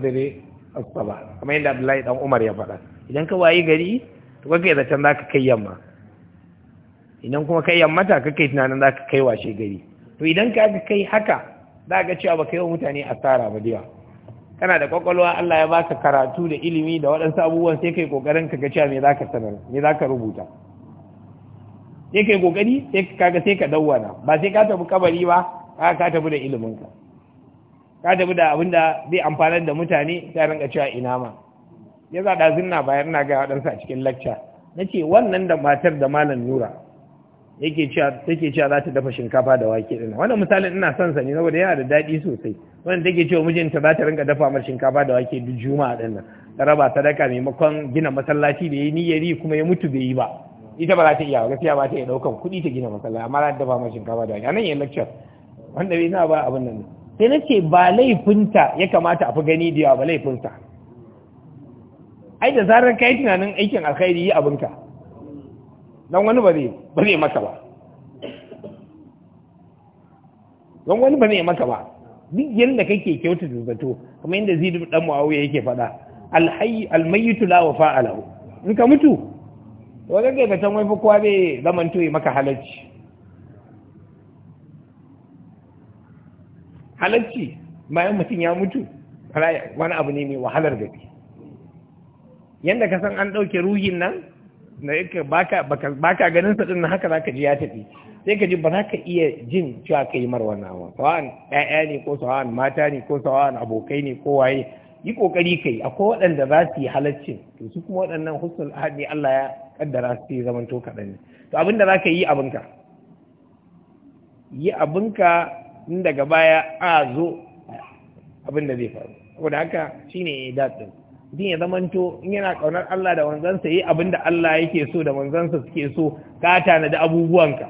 zai as-sabah kamar yadda Abdullahi dan Umar ya faɗa idan ka wayi gari to kaga da can ka kai yamma idan kuma kai yammata kai tunanin ka kai washe gari to idan ka ga kai haka za ga cewa ka yi wa mutane asara ba da kana da kwakwalwa Allah ya baka karatu da ilimi da waɗansu abubuwan sai kai kokarin ka ga cewa me za ka sanar me za ka rubuta sai kai kokari sai ga sai ka dawwana ba sai ka tafi kabari ba ka ka tafi da ilimin ka ka tafi da abin zai amfana da mutane sai ranka cewa ina ma ya za zinna bayan na ga waɗansu a cikin lacca na ce wannan da matar da malam nura yake cewa take cewa za ta dafa shinkafa da wake din wannan misalin ina son sa ne saboda yana da daɗi sosai wannan take cewa mijinta za ta rinka dafa mar shinkafa da wake duk juma'a din nan ta raba sadaka maimakon gina masallaci da yayi niyyar yi kuma ya mutu bai yi ba ita ba za ta iya gaskiya ba ta iya daukan kuɗi ta gina masallaci amma za ta dafa mar shinkafa da wake anan yin lecture wanda bai na ba abin nan sai na ce ba laifinta ya kamata a fi gani da yawa ba laifinta ai da zarar kai tunanin aikin alkhairi yi abinka don wani ba zai ba don wani ba zai ba duk yadda kake kyauta da zato kuma yadda zai zidu dan muawiya yake faɗa alhayy almayyitu la alahu in ka mutu wanda kai zaton kowa zai zaman to maka halacci halacci bayan mutum ya mutu wani abu ne mai wahalar gaske yadda ka san an ɗauke ruhin nan na yake baka baka ganin sa din haka zaka ji ya tafi sai ka ji ba za ka iya jin cewa kai mar a ba sawan ɗaya ne ko sawan mata ne ko sawan abokai ne ko waye yi kokari kai akwai waɗanda za su yi halaccin to su kuma waɗannan husnul ahadi Allah ya kaddara su yi zamanto kaɗan ne to abinda za ka yi abinka yi abinka in daga baya a zo abinda zai faru saboda haka shine datsin din ya zamanto in yana kaunar Allah da wanzansa yi abinda Allah yake so da wanzansa suke so ka tanadi abubuwanka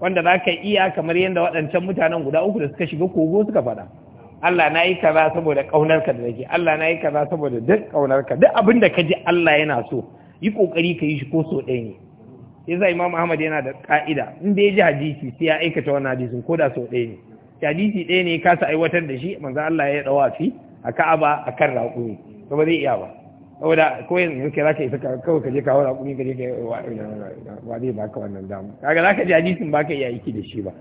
wanda za ka iya kamar yadda waɗancan mutanen guda uku da suka shiga kogo suka faɗa Allah na yi kaza saboda ƙaunarka da nake Allah na yi kaza saboda duk ƙaunarka duk abin da ka ji Allah yana so yi ƙoƙari ka yi shi ko so ɗaya ne Ya yasa Imam Ahmad yana da ƙa'ida in ya ji hadisi sai ya aikata wannan hadisin ko da so ɗaya ne hadisi ɗaya ne kasa aiwatar da shi manzo Allah ya yi dawafi a ka'aba a kan raƙumi to ba zai iya ba saboda ko yanzu yake zaka isa kawai ka je kawo raƙumi ka je ka wa zai baka wannan damu kaga zaka ji hadisin baka iya aiki da shi ba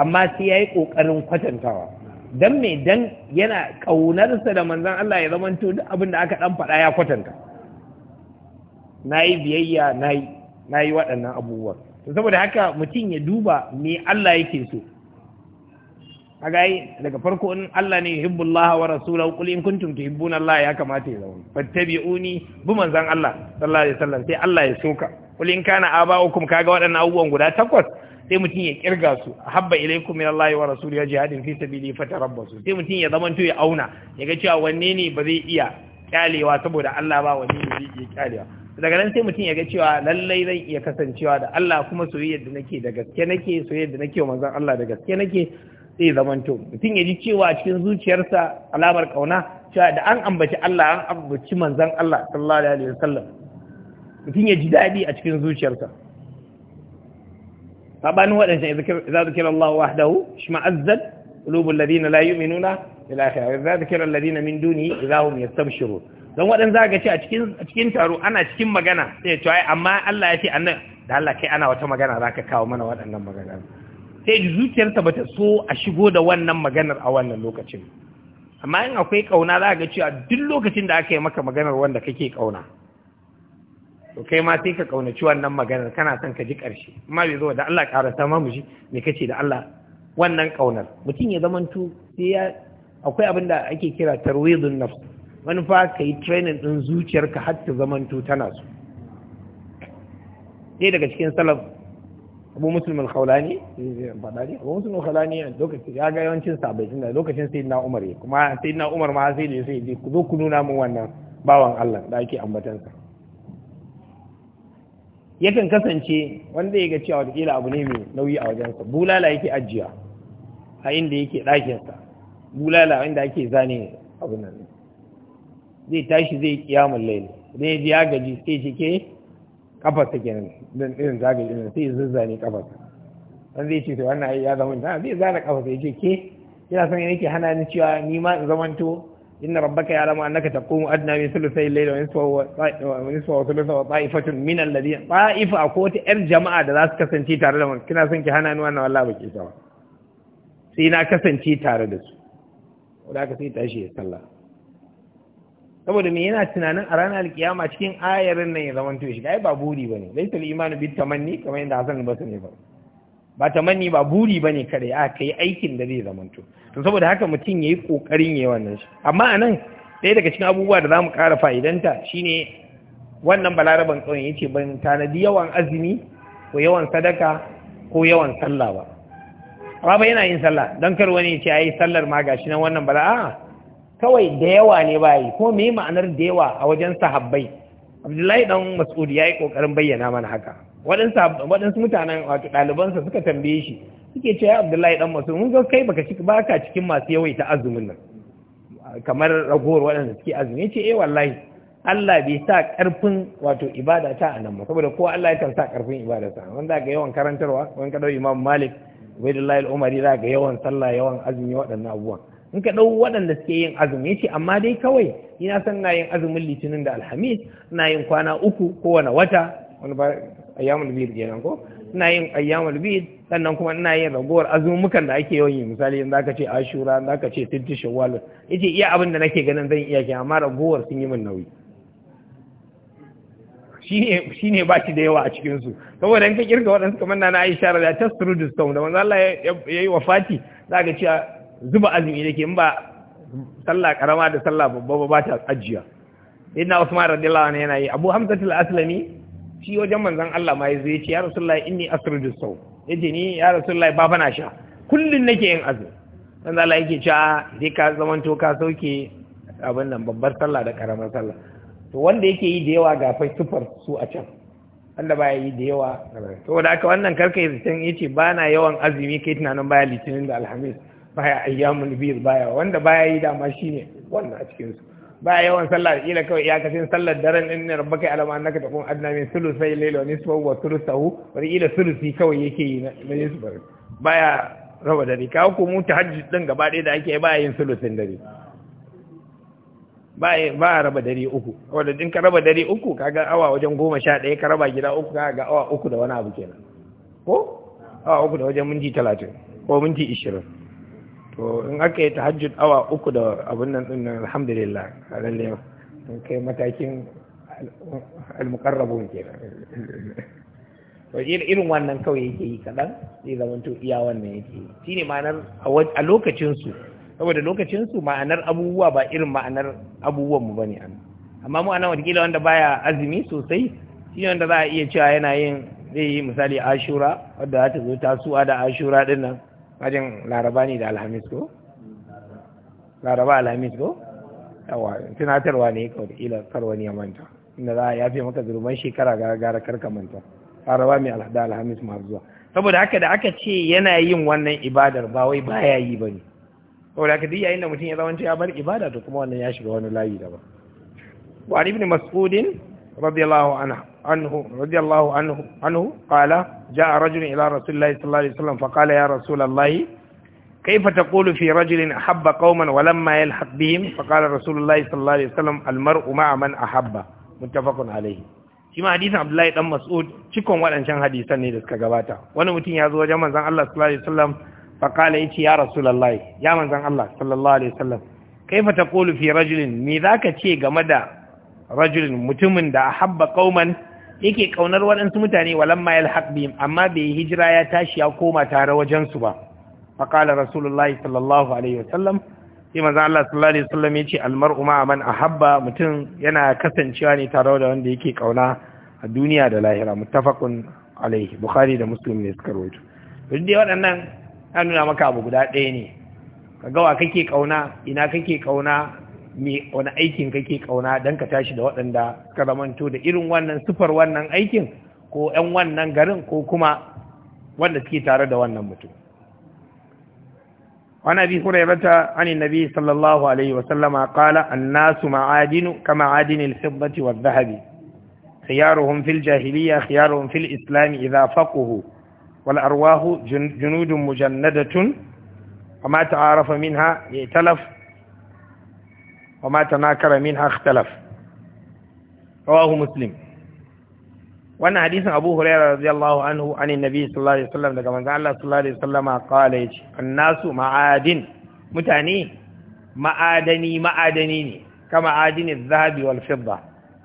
amma sai ya yi ƙoƙarin kwatantawa dan me dan yana ƙaunarsa da manzon Allah ya zamanto duk abin da aka ɗan faɗa ya kwatanta Na yi biyayya na yi waɗannan abubuwan saboda haka mutum ya duba me Allah yake so kaga daga farko in Allah ne yuhibbullaha wa rasulahu qul in kuntum tuhibbuna Allah ya kamata ya zama fattabi'uni bi manzan Allah sallallahu alaihi wasallam sai Allah ya soka qul in kana aba'ukum kaga waɗannan abubuwan guda takwas sai mutum ya kirga su habba ilaikum min Allah wa rasulihi jihadin fi sabili fatarabbasu sai mutum ya zama to ya auna ya ga cewa wanne ne ba zai iya kyalewa saboda Allah ba wanne ne zai iya kyalewa daga nan sai mutum ya ga cewa lallai zan iya kasancewa da Allah kuma soyayyar da nake da gaske nake soyayyar da nake manzon Allah da gaske nake sai zamanto mutum ya ji cewa cikin zuciyarsa alamar kauna cewa da an ambaci Allah an ambaci manzon Allah sallallahu alaihi wasallam mutum ya ji daɗi a cikin zuciyarsa sabanin waɗancan idza zikira Allah wahdahu shma'azzat qulubul ladina la yu'minuna ila akhirah idza zikira alladina min duni idza hum yastabshirun don waɗanda za ka ce a cikin cikin taro ana cikin magana sai ya ce amma Allah ya ce annan da Allah kai ana wata magana za ka kawo mana waɗannan magana sai zuciyarsa ta so a shigo da wannan maganar a wannan lokacin amma in akwai kauna za a ga cewa duk lokacin da aka yi maka maganar wanda kake kauna to kai ma sai ka kaunaci wannan maganar kana son ka ji karshe amma bai zo da Allah ƙara ta mu shi me kace da Allah wannan kaunar mutum ya zamanto sai ya akwai abin da ake kira tarwidun nafs wani fa ka yi training din zuciyarka har ta zamanto tana so sai daga cikin salaf abu al khawlani faɗa ne abu al khawlani a lokacin ya ga yawancin sabai da lokacin sai na umar ya kuma sai na umar ma sai da sai ji ku zo ku nuna min wannan bawan Allah da ake ambatansa yakan kasance wanda ya ga cewa watakila abu ne mai nauyi a wajensa bulala yake ajiya a inda yake ɗakinsa bulala inda ake zane abu nan zai tashi zai kiyamun laili zai ji ya gaji sai shi ke kafarsa kenan dan irin zagaye irin sai ya zazzane kafarsa dan zai ce to wannan ai ya zama ta ah, zai zana kafarsa yace ke ina son yake hana ni cewa ni ma in zamanto inna rabbaka ya'lamu annaka taqumu adna min thuluthay al-layli wa nisfahu wa nisfahu wa thuluthahu wa ta'ifatun min alladhina ta'ifa ko ta yar jama'a da za su kasance tare da mu kina son ki hana ni wannan wallahi baki sawa sai na kasance tare da su wanda ka sai tashi ya sallah saboda me yana tunanin a ranar alkiyama cikin ayarin nan ya zama to shi ai ba buri bane laisa al-imanu bi tamanni kamar yadda Hassan basu ne ba ba tamanni ba buri bane kare a kai aikin da zai zama to saboda haka mutum yayi kokarin yayi wannan shi amma anan ɗaya daga cikin abubuwa da zamu ƙara fa'idanta shine wannan balaraban kauyen yace ban tanadi yawan azumi ko yawan sadaka ko yawan sallah ba amma yana yin sallah dan kar wani ya ce ai sallar ma gashi nan wannan bala kawai da yawa ne ba yi ko me ma'anar da yawa a wajen sahabbai abdullahi dan mas'ud ya yi kokarin bayyana mana haka waɗansu mutanen wato ɗalibansa suka tambaye shi suke cewa abdullahi dan mas'ud mun ga kai baka ciki baka cikin masu ta azumin nan kamar ragowar waɗanda suke azumi ce eh wallahi Allah bai sa karfin wato ibada ta a nan ba saboda kowa Allah ya sa karfin ibada ta wanda ga yawan karantarwa wani kadau Imam Malik Ubaidullahi al-Umari za ga yawan sallah yawan azumi waɗannan abubuwan in ka ɗau waɗanda suke yin azumi ya ce amma dai kawai ina son na yin azumin litinin da alhamis na yin kwana uku kowane wata wani ba ayyamul bid kenan ko ina yin ayyamul bid sannan kuma ina yin ragowar azumukan da ake yawan yi misali in zaka ce ashura in zaka ce tinti shawwal yace iya abin da nake ganin zan iya kenan amma ragowar sun yi min nauyi Shi ne ba shi da yawa a cikinsu, saboda in ka kirga waɗansu kamar na Aisha da ta suru da manzo Allah Fati za zaka ce zuba azumi nake in ba sallah karama da sallah babba ba ta ajiya inna usman radiyallahu anhu yana yi abu hamzatul aslami shi wajen manzon Allah ma yazo yace ya rasulullahi inni asrudu saw yace ni ya rasulullahi ba bana sha kullun nake yin azumi dan Allah yake cewa dai ah, ka zamanto ka sauke abin nan babbar sallah da karamar sallah to wanda yake yi da yawa ga fai sufar su a can wanda baya yi da yawa saboda haka wannan karkai zaton yace na yawan azumi kai tunanin baya litinin da alhamis baya ayyamun bid baya wanda baya yi dama shine wannan a cikin su baya yawan sallah ila kawai iyakacin sallar daren in ne rabbaka alama annaka taqum adna min sulusai layl wa nisfahu wa thuluthahu wa ila sulusi kawai yake yi na nisbar baya raba dare ka ku mu tahajjud din gaba ɗaya da ake baya yin sulusin dare ba ba raba dare uku wanda din ka raba dare uku kaga awa wajen goma sha ɗaya ka raba gida uku kaga awa uku da wani abu kenan ko awa uku da wajen minti talatin ko minti ishirin to in aka yi tahajjud awa uku da abin nan din alhamdulillah lalle kai matakin almuqarrabun kenan to irin wannan kawai yake yi kaɗan zai zamanto iya wannan yake yi shine ma'anar a lokacin su saboda lokacin su ma'anar abubuwa ba irin ma'anar abubuwan mu bane an amma mu anan watakila wanda baya azumi sosai shi wanda za a iya cewa yana yin zai yi misali ashura wadda za ta zo tasuwa da ashura din nan ajin laraba ne da alhamis ko laraba alhamis ko yawa tunatarwa ne kawai ila karwa ne ya manta inda za a yafe maka zurban shekara gara gara karka manta laraba mai da alhamis ma zuwa saboda haka da aka ce yana yin wannan ibadar ba wai baya yi ba ne saboda haka duk yayin da mutum ya zama ya bar ibada to kuma wannan ya shiga wani layi daban wa ibn mas'udin radiyallahu anhu عنه رضي الله عنه عنه قال جاء رجل إلى رسول الله صلى الله عليه وسلم فقال يا رسول الله كيف تقول في رجل أحب قوما ولما يلحق بهم فقال رسول الله صلى الله عليه وسلم المرء مع من أحب متفق عليه shi ma hadisin Abdullahi dan Mas'ud cikon waɗancan hadisan ne da suka gabata wani mutum ya zo wajen manzon Allah sallallahu alaihi wasallam fa yace ya rasulullahi ya manzon Allah sallallahu alaihi wasallam kaifa taqulu fi rajulin me zaka ce game da rajulin mutumin da ahabba qauman yake kaunar waɗansu mutane walamma yalhaq bihim amma bai hijira ya tashi ya koma tare wajen su ba faqala rasulullahi sallallahu alaihi wasallam sai manzo Allah sallallahu alaihi wasallam yace almar'u ma man ahabba mutum yana kasancewa ne tare da wanda yake kauna a duniya da lahira muttafaqun alaihi bukhari da muslim ne suka rawaito duk dai waɗannan an nuna maka abu guda ɗaya ne kaga wa kake kauna ina kake kauna me wani aikin kake kauna dan ka tashi da waɗanda ka zamanto da irin wannan sufar wannan aikin ko 'yan wannan garin ko kuma wanda suke tare da wannan mutum وعن ابي هريره عن النبي صلى الله عليه وسلم قال الناس معادن كمعادن الفضه والذهب خيارهم في الجاهليه خيارهم في الاسلام اذا فقهوا والارواح جنود مجنده وما تعارف منها ائتلف وما تناكر منها اختلف رواه مسلم وانا حديث أبو هريرة رضي الله عنه عن النبي صلى الله عليه وسلم لكما قال صلى الله عليه وسلم قال الناس معادن متاني ma'adani ma'adani ne kama adinin zahabi wal fidda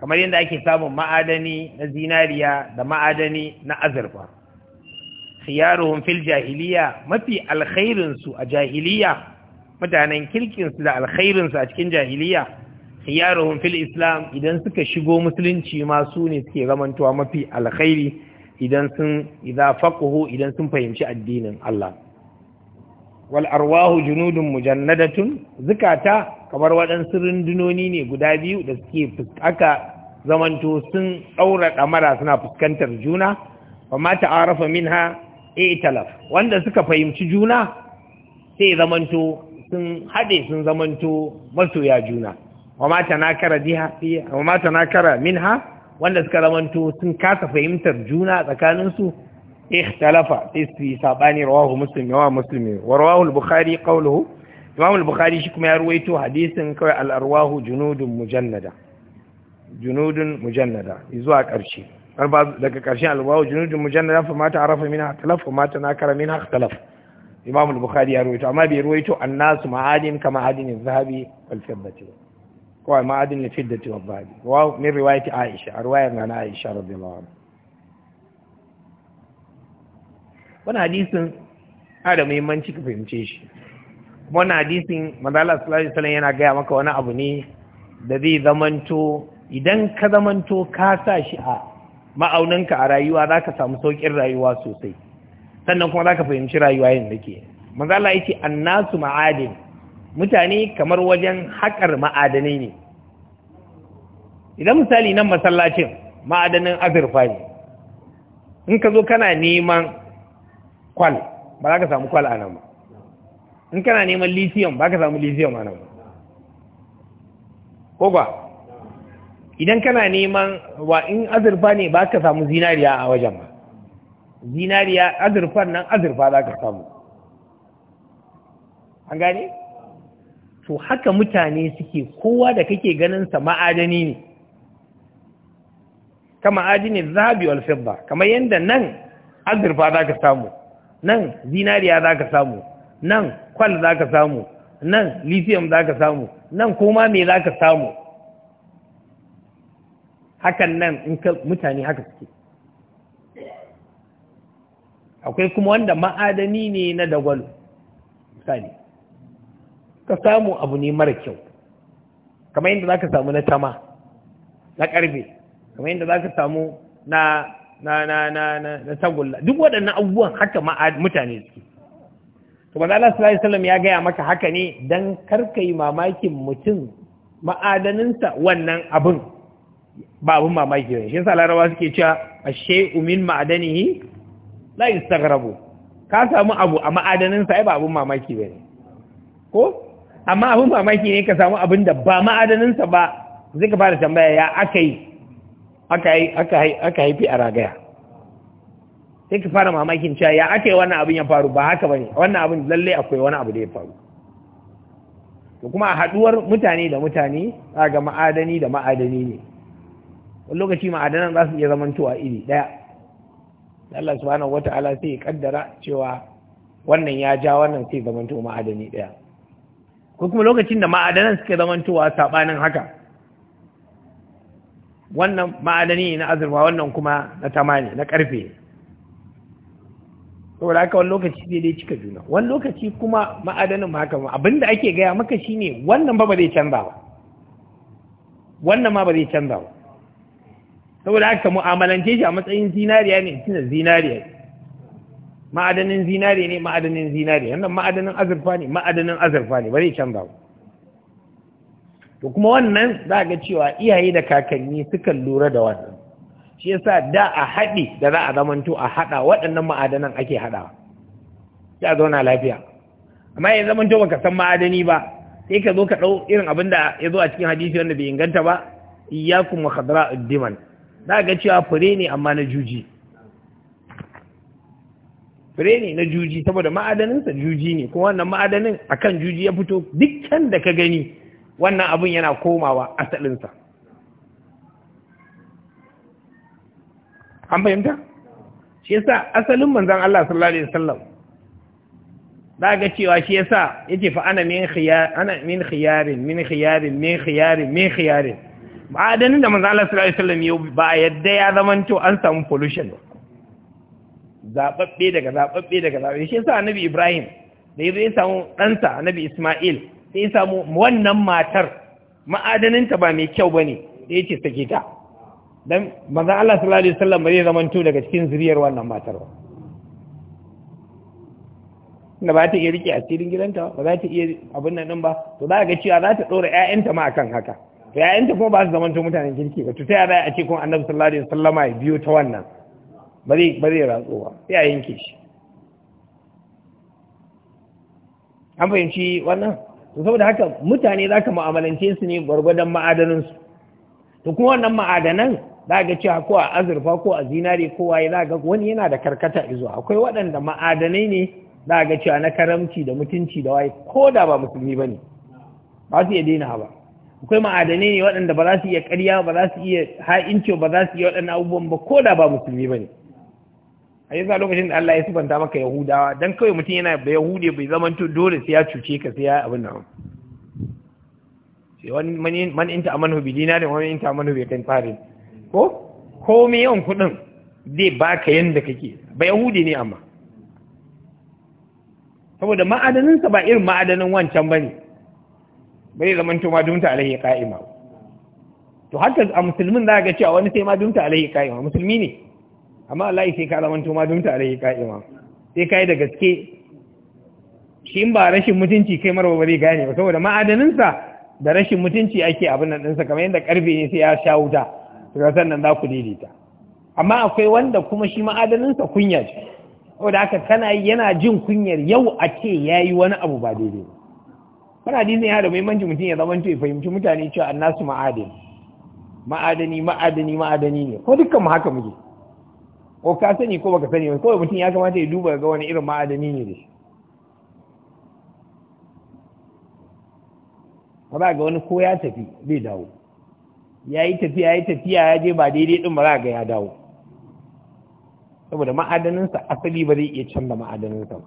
kamar yadda ake samun ma'adani na zinariya da ma'adani na azurfa khiyaruhum fil jahiliya mafi alkhairin su a jahiliya mutanen kirkinsu da alkhairinsu a cikin jahiliya khiyaruhum fil islam idan suka shigo musulunci ma su ne suke zamantuwa mafi alkhairi idan sun idza faqahu idan sun fahimci addinin Allah wal arwahu junudun mujannadatun zukata kamar waɗansu rundunoni ne guda biyu da suke aka zamanto sun ɗaura ɗamara suna fuskantar juna wa ma ta'arafa minha talaf, wanda suka fahimci juna sai zamanto sun haɗe sun zamanto masoya juna wa mata na kara wa mata na kara minha wanda suka zamanto sun kasa fahimtar juna tsakaninsu ikhtalafa sai sabani rawahu muslim wa muslimi wa rawahu al-bukhari qawluhu imam al-bukhari shi kuma ya ruwaito hadisin kawai al-arwahu junudun mujannada junudun mujannada zuwa ƙarshe daga ƙarshen al-arwahu junudun mujannada fa mata arafa minha talaf wa mata na kara minha ikhtalafa imam al-bukhari ya ruwaito amma bai ruwaito annasu ma'adin kama adin zahabi wal fiddati ko ma'adin al fiddati wal zahabi wa min riwayati aisha ga na aisha radhiyallahu anha wannan hadisin ada da muhimmanci ka fahimce shi kuma wannan hadisin manzala sallallahu alaihi wasallam yana gaya maka wani abu ne da zai zamanto idan ka zamanto ka sa shi a ma'auninka a rayuwa zaka samu saukin rayuwa sosai sannan kuma za ka fahimci rayuwa yin da ke manzo Allah an annasu ma'adin mutane kamar wajen haƙar ma'adanai ne idan misali nan masallacin ma'adanin azurfa ne in ka zo kana neman kwal ba za ka samu kwal a nan ba in kana neman lithium ba ka samu lithium a nan ba ko ba idan kana neman wa in azurfa ne ba ka samu zinariya a wajen ba zinariya azurfan nan azurfa za ka samu an gane? to haka mutane suke kowa da kake ganinsa ma'adani ne ka ma'adini zahabi wal kamar yadda nan azurfa za ka samu nan zinariya za ka samu nan kwal za ka samu nan lithium za ka samu nan kuma me za ka samu hakan nan in mutane haka suke akwai kuma wanda ma'adani ne na dagwalo misali ka samu abu ne mara kyau kamar yadda za ka samu na tama na ƙarfe. kamar yadda za ka samu na na na na na tagulla duk waɗannan abubuwan haka mutane suke to ba Allah sallallahu alaihi wasallam ya gaya maka haka ne dan karkai mamakin mutum ma'adaninsa wannan abin ba abin mamaki ne shi yasa larawa suke cewa ashe umin ma'adanihi la istagrabu ka samu abu a ma'adanin sa ai ba abun mamaki bane ko amma abun mamaki ne ka samu abin da ba ma'adanin sa ba zai ka fara tambaya ya akai akai akai aka haifi a ragaya sai ka fara mamakin cewa ya akai wannan abin ya faru ba haka bane wannan abin lalle akwai wani abu da ya faru to kuma a haduwar mutane da mutane ga ma'adani da ma'adani ne wani lokaci ma'adanan za su iya zamantowa iri daya Allah subhanahu wata'ala sai ya kaddara cewa wannan ya ja wannan sai zamanto ma'adani daya ko kuma lokacin da ma'adanan suke zamantowa sabanin haka wannan ma'adani na azurfa wannan kuma na tamani na karfe saboda haka wani lokaci sai dai cika juna wani lokaci kuma ma'adanin haka abinda ake gaya maka shine wannan ba ba zai canza ba wannan ma ba zai canza ba saboda haka mu'amalance shi a matsayin zinariya ne tuna zinariya ma'adanin zinariya ne ma'adanin zinariya wannan ma'adanin azurfa ne ma'adanin azurfa ne ba zai canza ba to kuma wannan za ga cewa iyaye da kakanni suka lura da wannan shi yasa da a haɗi da za a zamanto a haɗa waɗannan ma'adanan ake haɗawa sai a zauna lafiya amma ya zamanto baka san ma'adani ba sai ka zo ka ɗau irin abin da ya zo a cikin hadisi wanda bai inganta ba iyakum wa khadra diman za ga cewa fure ne amma na juji fure ne na juji saboda ma'adaninsa juji ne kuma wannan ma'adanin akan juji ya fito dukkan da ka gani wannan abin yana komawa asalinsa an fahimta shi yasa asalin manzon Allah sallallahu alaihi wasallam da ga cewa shi yasa yake fa ana min khiyar ana min khiyarin min khiyarin min khiyarin min khiyarin ma'adanin da manzo Allah sallallahu alaihi wasallam ya ba yadda ya zamanto an samu pollution Zaɓaɓɓe daga zaɓaɓɓe daga zababbe shi sa annabi Ibrahim da ya ya samu ɗansa annabi Isma'il sai ya samu wannan matar ma'adaninta ba mai kyau ne da ce sake ta don maza Allah sallallahu alaihi wasallam ba zai zamanto daga cikin zuriyar wannan matar ba da ba ta iya rike a cikin gidanta ba za ta iya abin nan ba to za ga cewa za ta ɗora 'ya'yanta ma akan haka to ya yanta kuma ba su zamanto mutanen kirki ba to ta yaya a ce annabi sallallahu alaihi wasallama ya biyu ta wannan ba zai ba zai ratso ba ya yanke shi an fahimci wannan to saboda haka mutane za ka mu'amalance su ne gwargwadon ma'adaninsu to kuma wannan ma'adanan za ga cewa ko a azurfa ko a zinare ko waye za ga wani yana da karkata izo akwai waɗanda ma'adanai ne za ga cewa na karamci da mutunci da waye ko da ba musulmi ba ne ba su iya daina ba akwai ma'adanai ne waɗanda ba za su iya ƙarya ba za su iya ha'inci ba za su iya waɗannan abubuwan ba ko da ba musulmi ba ne a yi za lokacin da Allah ya sifanta maka yahudawa don kawai mutum yana ba yahude bai to dole sai ya cuce ka sai ya abin nan sai wani man inta amanu bi da wani inta amanu bi kan farin ko ko me yawan kuɗin zai baka yanda kake ba yahude ne amma saboda ma'adaninsa ba irin ma'adanin wancan ba ne bai zaman to ma dumta alaihi qa'ima to hatta a musulmin za ga cewa wani sai ma dumta alaihi qa'ima musulmi ne amma Allah sai ka zaman to ma dumta alaihi qa'ima sai kai da gaske shi ba rashin mutunci kai marwa bari gane ba saboda sa da rashin mutunci ake abin nan dinsa kamar yadda karfe ne sai ya sha wuta daga sannan za ku daidaita amma akwai wanda kuma shi sa kunya ce saboda haka kana yana jin kunyar yau a ce ya yi wani abu ba daidai wani hadisin yana da muhimmanci mutum ya zamanto ya fahimci mutane cewa annasu ma'adani ma'adani ma'adani ma'adani ne ko dukkan mu haka muke ko ka sani ko baka sani ba kawai mutum ya kamata ya duba ga wani irin ma'adani ne da shi ba za ga wani ko ya tafi zai dawo ya yi tafiya ya yi tafiya ya je ba daidai din ba za ga ya dawo saboda ma'adaninsa asali ba zai iya canza ma'adaninsa ba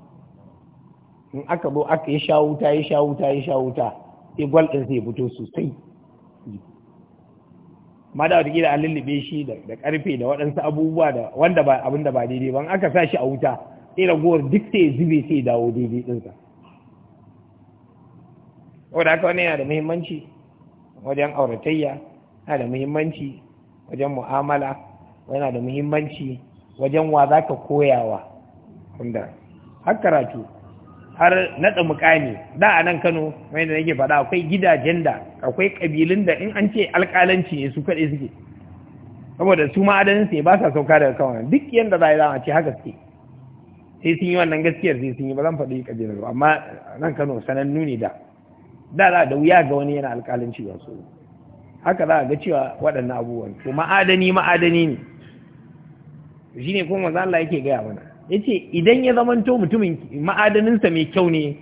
in aka zo aka yi shawuta ya shawuta ya shawuta igwal ɗin zai fito sosai ma da wata an lullube shi da ƙarfe da waɗansu abubuwa da wanda ba abin da ba daidai ba aka sa shi a wuta sai ragowar duk sai zube sai dawo daidai ɗinsa saboda haka wannan yana da muhimmanci wajen auratayya yana da muhimmanci wajen mu'amala yana da muhimmanci wajen wa za ka koyawa wanda har karatu har naɗa mukami da a nan kano mai da nake faɗa akwai gidajen da akwai ƙabilun da in an ce alƙalanci ne su kaɗai suke saboda su ma adanin sai ba sa sauka daga kawai duk yanda za a yi zama ce haka suke sai sun yi wannan gaskiyar sai sun yi ba zan faɗi ƙabilun ba amma nan kano sanannu ne da da za da wuya ga wani yana alƙalanci ba su haka za a ga cewa waɗannan abubuwan to ma'adani ma'adani ne shi kuma maza Allah yake gaya mana yace idan ya zamanto mutumin ma'adaninsa mai kyau ne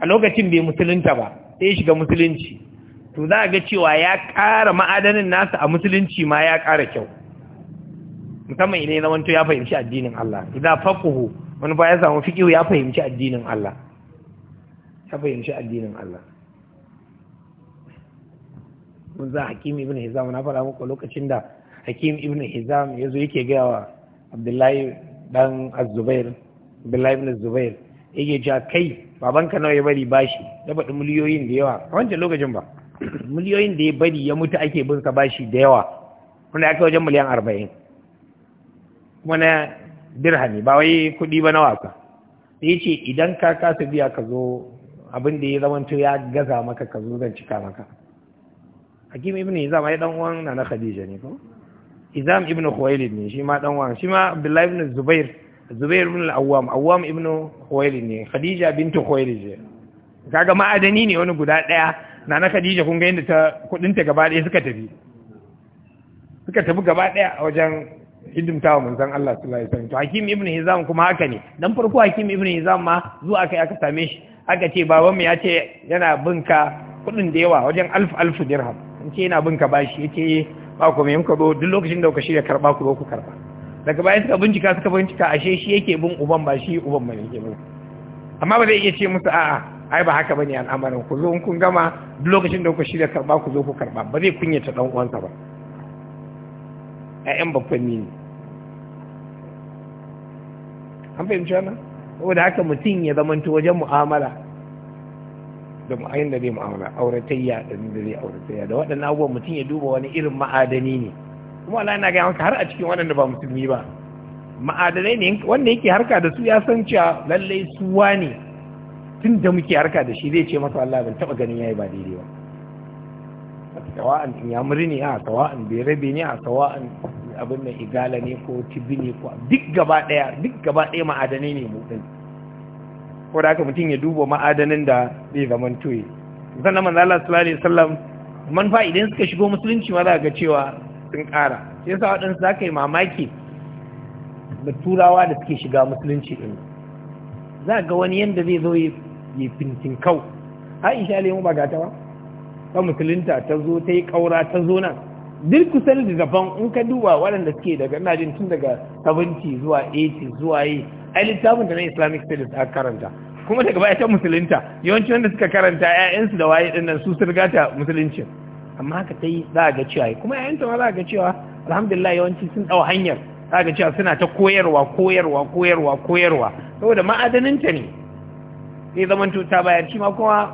a lokacin bai musulunta ba sai ya shiga musulunci to za a ga cewa ya ƙara ma'adanin nasa a musulunci ma ya ƙara kyau musamman idan ya zamanto ya fahimci addinin Allah idan faquhu wani ba ya samu fiqhu ya fahimci addinin Allah ya fahimci addinin Allah mun za Hakim ibn Hizam na fara muku lokacin da Hakim ibn Hizam yazo yake gaya wa Abdullahi dan azubair billahi ibn zubair yake ja kai babanka nawa ya bari bashi ya faɗi miliyoyin da yawa a wancan lokacin ba miliyoyin da ya bari ya mutu ake bin sa bashi da yawa wanda aka wajen miliyan arba'in kuma na dirhami ba wai kuɗi ba na wasa sai ce idan ka kasa biya ka zo abin da ya zamanto ya gaza maka ka zo zan cika maka hakim ibn hizam ai dan uwan nana khadija ne ko izam ibn khuwailid ne shi ma dan wani shi ma abdullahi ibn zubair zubair ibn al-awwam awwam ibn khuwailid ne khadija bint khuwailid kaga ma'adani ne wani guda daya nana khadija kun ga inda ta kudin ta gaba daya suka tafi suka tafi gaba daya a wajen hidimtawa manzon Allah sallallahu alaihi wasallam hakim ibn hizam kuma haka ne dan farko hakim ibn hizam ma zuwa kai aka same shi aka ce baban mu ya ce yana binka kudin da yawa wajen alf alf dirham in ce yana binka bashi yace ba ku mai muka duk lokacin da kuka shirya karba ku zo ku karba daga bayan suka bincika suka bincika ashe shi yake bin uban ba shi uban ba ne yake bin amma ba zai iya ce musu a'a ai ba haka bane al'amarin ku zo in kun gama duk lokacin da kuka shirya karba ku zo ku karba ba zai kunyata dan uwansa ba ƴaƴan babbanni ne an fahimci wannan saboda haka mutum ya zamanto wajen mu'amala da ma'ayin da zai ma'amala auratayya da da zai auratayya da waɗannan abubuwan mutum ya duba wani irin ma'adani ne kuma Allah yana gaya maka har a cikin waɗanda ba musulmi ba ma'adanai ne wanda yake harka da su ya san cewa lallai suwa ne tun da muke harka da shi zai ce masa Allah ban taɓa ganin yayi ba daidai ba sawa'an in yamuri ne a sawa'an rabe ne a sawa'an abin da igala ne ko tibi ne ko duk gaba ɗaya duk gaba ɗaya ma'adanai ne mu ɗin ko da aka mutum ya duba ma'adanin da zai zaman tuyi. sannan manzo Allah sallallahu alaihi wasallam manfa idan suka shigo musulunci ma za ga cewa sun ƙara sai sa waɗansu za ka yi mamaki da turawa da suke shiga musulunci ɗin za ga wani yanda zai zo ya fintin kau aisha lemu ba gata ba ta musulunta ta zo ta yi ƙaura ta zo nan duk kusan da gaban in ka duba waɗanda suke daga ina tun daga 70 zuwa 80 zuwa yi ai littafin da na islamic studies a karanta kuma daga baya ta musulunta yawanci wanda suka karanta ƴaƴansu da waye dinnan su sun riga ta musulunci amma haka ta yi za a ga cewa kuma ƴaƴanta ma za a ga cewa alhamdulillah yawanci sun ɗau hanyar za a ga cewa suna ta koyarwa koyarwa koyarwa koyarwa saboda ma'adaninta ne zai zama ta bayar shi ma kuma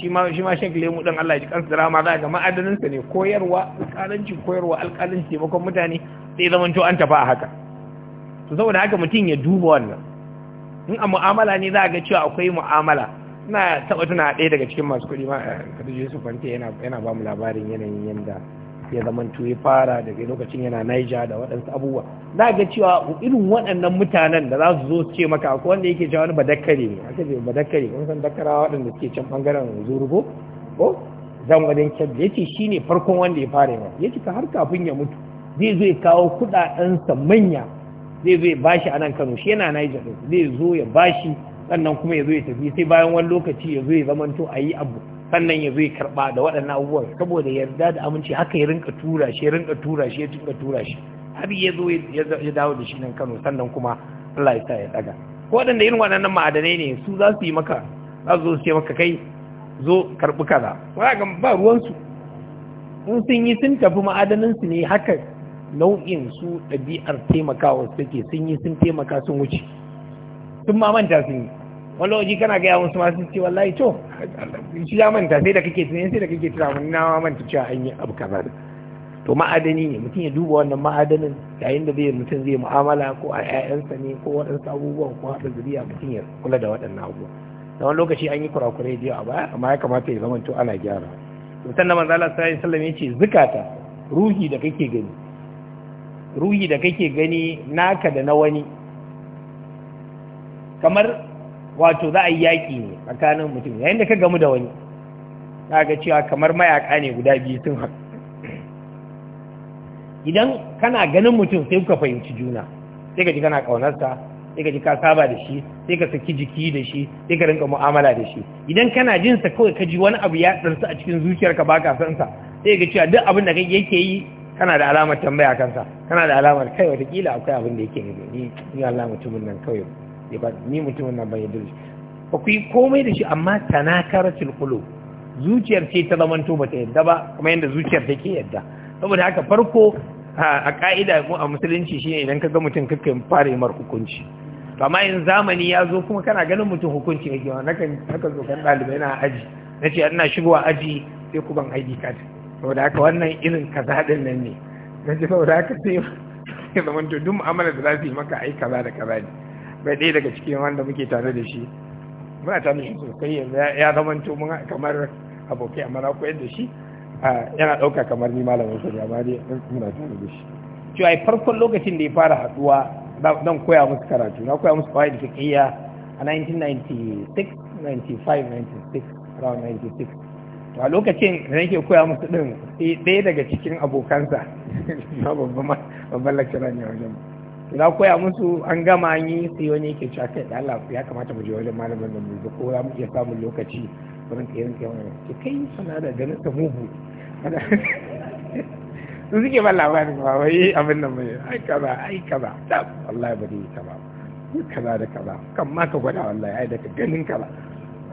shi ma shi ma shek lemu dan Allah ji kansu drama za ga ma'adaninsa ne koyarwa alƙalanci koyarwa alƙalanci taimakon mutane zai zama an tafi a haka to saboda haka mutum ya duba wannan in a mu'amala ne za a ga cewa akwai mu'amala ina taɓa tuna ɗaya daga cikin masu kuɗi ma Khadija Yusuf Fante yana ba mu labarin yanayin yanda ya zaman ya fara daga lokacin yana Niger da waɗansu abubuwa za ga cewa irin waɗannan mutanen da za su zo su ce maka akwai wanda yake cewa wani badakkare ne aka ce badakkare kun san dakarawa waɗanda suke can bangaren zurugo ko zan wajen kyabbi ya ce shi ne farkon wanda ya fara yawa ya ce ka har kafin ya mutu zai zo ya kawo kuɗaɗensa manya zai zo ya bashi a nan Kano shi yana Niger ɗin zai zo ya bashi sannan kuma ya zo ya tafi sai bayan wani lokaci ya zo ya zamanto a yi abu sannan ya zo ya karɓa da waɗannan abubuwan saboda yarda da aminci haka ya rinka tura shi ya rinka tura shi ya rinka tura shi har ya zo ya dawo da shi nan Kano sannan kuma Allah ya sa ya daga ko waɗanda irin waɗannan ma'adanai ne su za su yi maka za su zo su ce maka kai zo karɓi kaza ba ruwansu in sun yi sun tafi ma'adanansu ne haka nau'in su ɗabi'ar taimakawa suke sun yi sun taimaka sun wuce sun ma manta sun yi wani waje kana gaya wasu masu ce wallahi to shi ya manta sai da kake tunani sai da kake tunani na manta cewa an yi abu kaza da to ma'adani ne mutum ya duba wannan ma'adanin yayin da zai mutum zai mu'amala ko a 'ya'yansa ne ko waɗansu abubuwan ko haɗa zuriya mutum ya kula da waɗannan abubuwa da wani lokaci an yi kurakurai da a baya amma ya kamata ya zama to ana gyara to sannan manzo Allah sallallahu alaihi wasallam ce zukata ruhi da kake gani ruhi da kake gani naka da na wani kamar wato za a yi yaƙi ne tsakanin mutum yayin da ka gamu da wani za ga cewa kamar mayaƙa ne guda biyu sun haka idan kana ganin mutum sai kuka fahimci juna sai ka ji kana ƙaunarsa sai ka ji ka saba da shi sai ka saki jiki da shi sai ka rinka mu'amala da shi idan kana jinsa kawai ka ji wani abu ya ɗarsu a cikin zuciyarka baka san sa sai ka cewa duk abin da kake yake yi kana da alamar tambaya kansa kana da alamar kai watakila akwai abin da yake ni ni Allah mutumin nan kawai ne ba ni mutumin nan ban yadda shi ba komai da shi amma tanakaratul qulub zuciyar ce ta zamanto bata yadda ba kuma yadda zuciyar take yadda saboda haka farko a ka'ida a musulunci shine idan ka ga mutum kake fara yi mar hukunci amma in zamani ya zo kuma kana ganin mutum hukunci yake wa nakan nakan zo kan ɗalibai na aji nace ina shigowa aji sai ku ban ID card saboda haka wannan irin kaza din nan ne na ji saboda haka sai ya zama to duk mu'amala da za su yi maka ai kaza da kaza ne bai ɗaya daga cikin wanda muke tare da shi muna tare da shi sosai yanzu ya zama to mun kamar abokai amma na koyar da shi yana ɗauka kamar ni malamin sa amma dai muna tare da shi to ai farkon lokacin da ya fara haɗuwa zan koya musu karatu na koya musu fa'ida fiqhiyya a 1996 95 96 around 96 to a lokacin da nake koya musu din ɗaya daga cikin abokansa na babban lakcira ne wajen to na koya musu an gama an yi sai wani yake cewa kai da Allah ya kamata mu je wajen malamin da mu ko za mu iya samun lokaci wurin tsayin kai wani ce kai suna da ganin ta mugu su suke ban labarin ba wai abin nan mai ai kaza ai kaza tab wallahi ba zai yi kaza kaza da kaza kan ma ka gwada wallahi ai da ka ganin kaza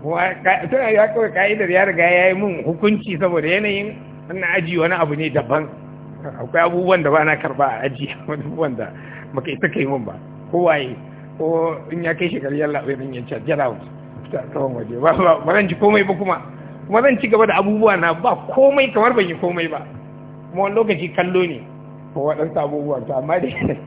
ta ya kawai ka'idar ya riga ya yi mun hukunci saboda yanayin wannan aji wani abu ne daban akwai abubuwan da ba na karba a aji wani abubuwan da maka ita kai mun ba ko waye ko in ya kai shekaru yalla bai nan yanci jala ta tsawon waje ba zan ci komai ba kuma kuma zan ci gaba da abubuwa na ba komai kamar ban yi komai ba kuma wani lokaci kallo ne ko waɗansu abubuwan ta amma dai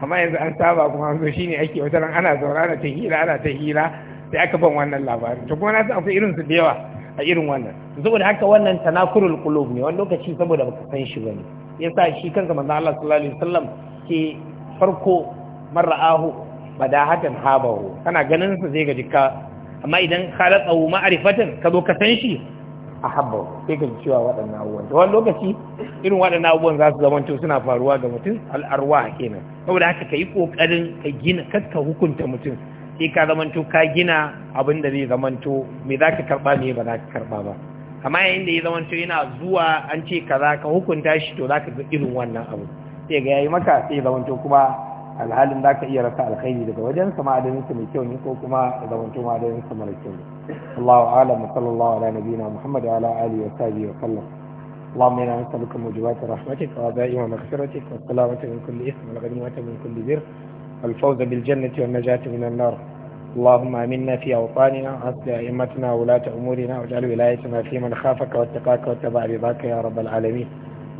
amma yanzu an saba kuma an zo shine ake wata ana zaune ana ta hira ana ta hira sai aka ban wannan labarin to kuma na san akwai irin su da yawa a irin wannan saboda haka wannan tanakurul qulub ne wani lokaci saboda baka san shi bane yasa shi kanka manzo Allah sallallahu alaihi wasallam ke farko mar'ahu hatan habahu kana ganin su zai gaji ka amma idan khalaqahu ma'rifatan ka zo ka san shi a habba sai ka cewa waɗannan abubuwan da wani lokaci irin waɗannan abubuwan za su zamanto suna faruwa ga mutum al'arwa kenan saboda haka ka yi ƙoƙarin ka gina kakka hukunta mutum sai ka zamanto ka gina abin da zai zamanto me za ka karɓa me ba za ka karɓa ba amma yayin da ya zamanto yana zuwa an ce ka za ka hukunta shi to za ka ga irin wannan abu sai ga yayi maka sai zamanto kuma alhalin za ka iya rasa alkhairi daga wajen sa sa mai kyau ne ko kuma zamanto sa mara kyau ne Allahu a'lam wa sallallahu ala nabiyyina Muhammad wa ala alihi wa sahbihi wa sallam اللهم انا نسالك موجبات رحمتك وعزائم مغفرتك والسلامه من كل اسم والغنيمه من كل ذر الفوز بالجنة والنجاة من النار اللهم آمنا في أوطاننا وأصل أئمتنا ولاة أمورنا واجعل ولايتنا في من خافك واتقاك واتبع رضاك يا رب العالمين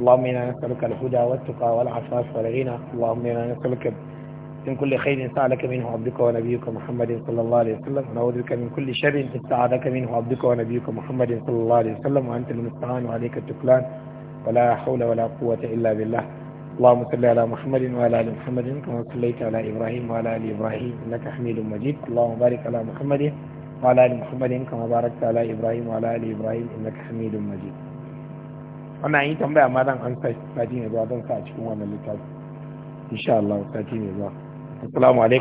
اللهم إنا نسألك الهدى والتقى والعفاف والغنى اللهم إنا نسألك من كل خير سألك منه عبدك ونبيك محمد صلى الله عليه وسلم ونعوذ بك من كل شر استعاذك منه عبدك ونبيك محمد صلى الله عليه وسلم وأنت المستعان وعليك التكلان ولا حول ولا قوة إلا بالله اللهم صل على محمد وعلى ال محمد كما صليت على ابراهيم وعلى ال ابراهيم انك حميد مجيد اللهم بارك على محمد وعلى ال محمد كما باركت على ابراهيم وعلى ال ابراهيم انك حميد مجيد wannan yi tambaya ma zan an sati ne zuwa zan sa a cikin wannan littafi insha Allah sati ne zuwa assalamu alaikum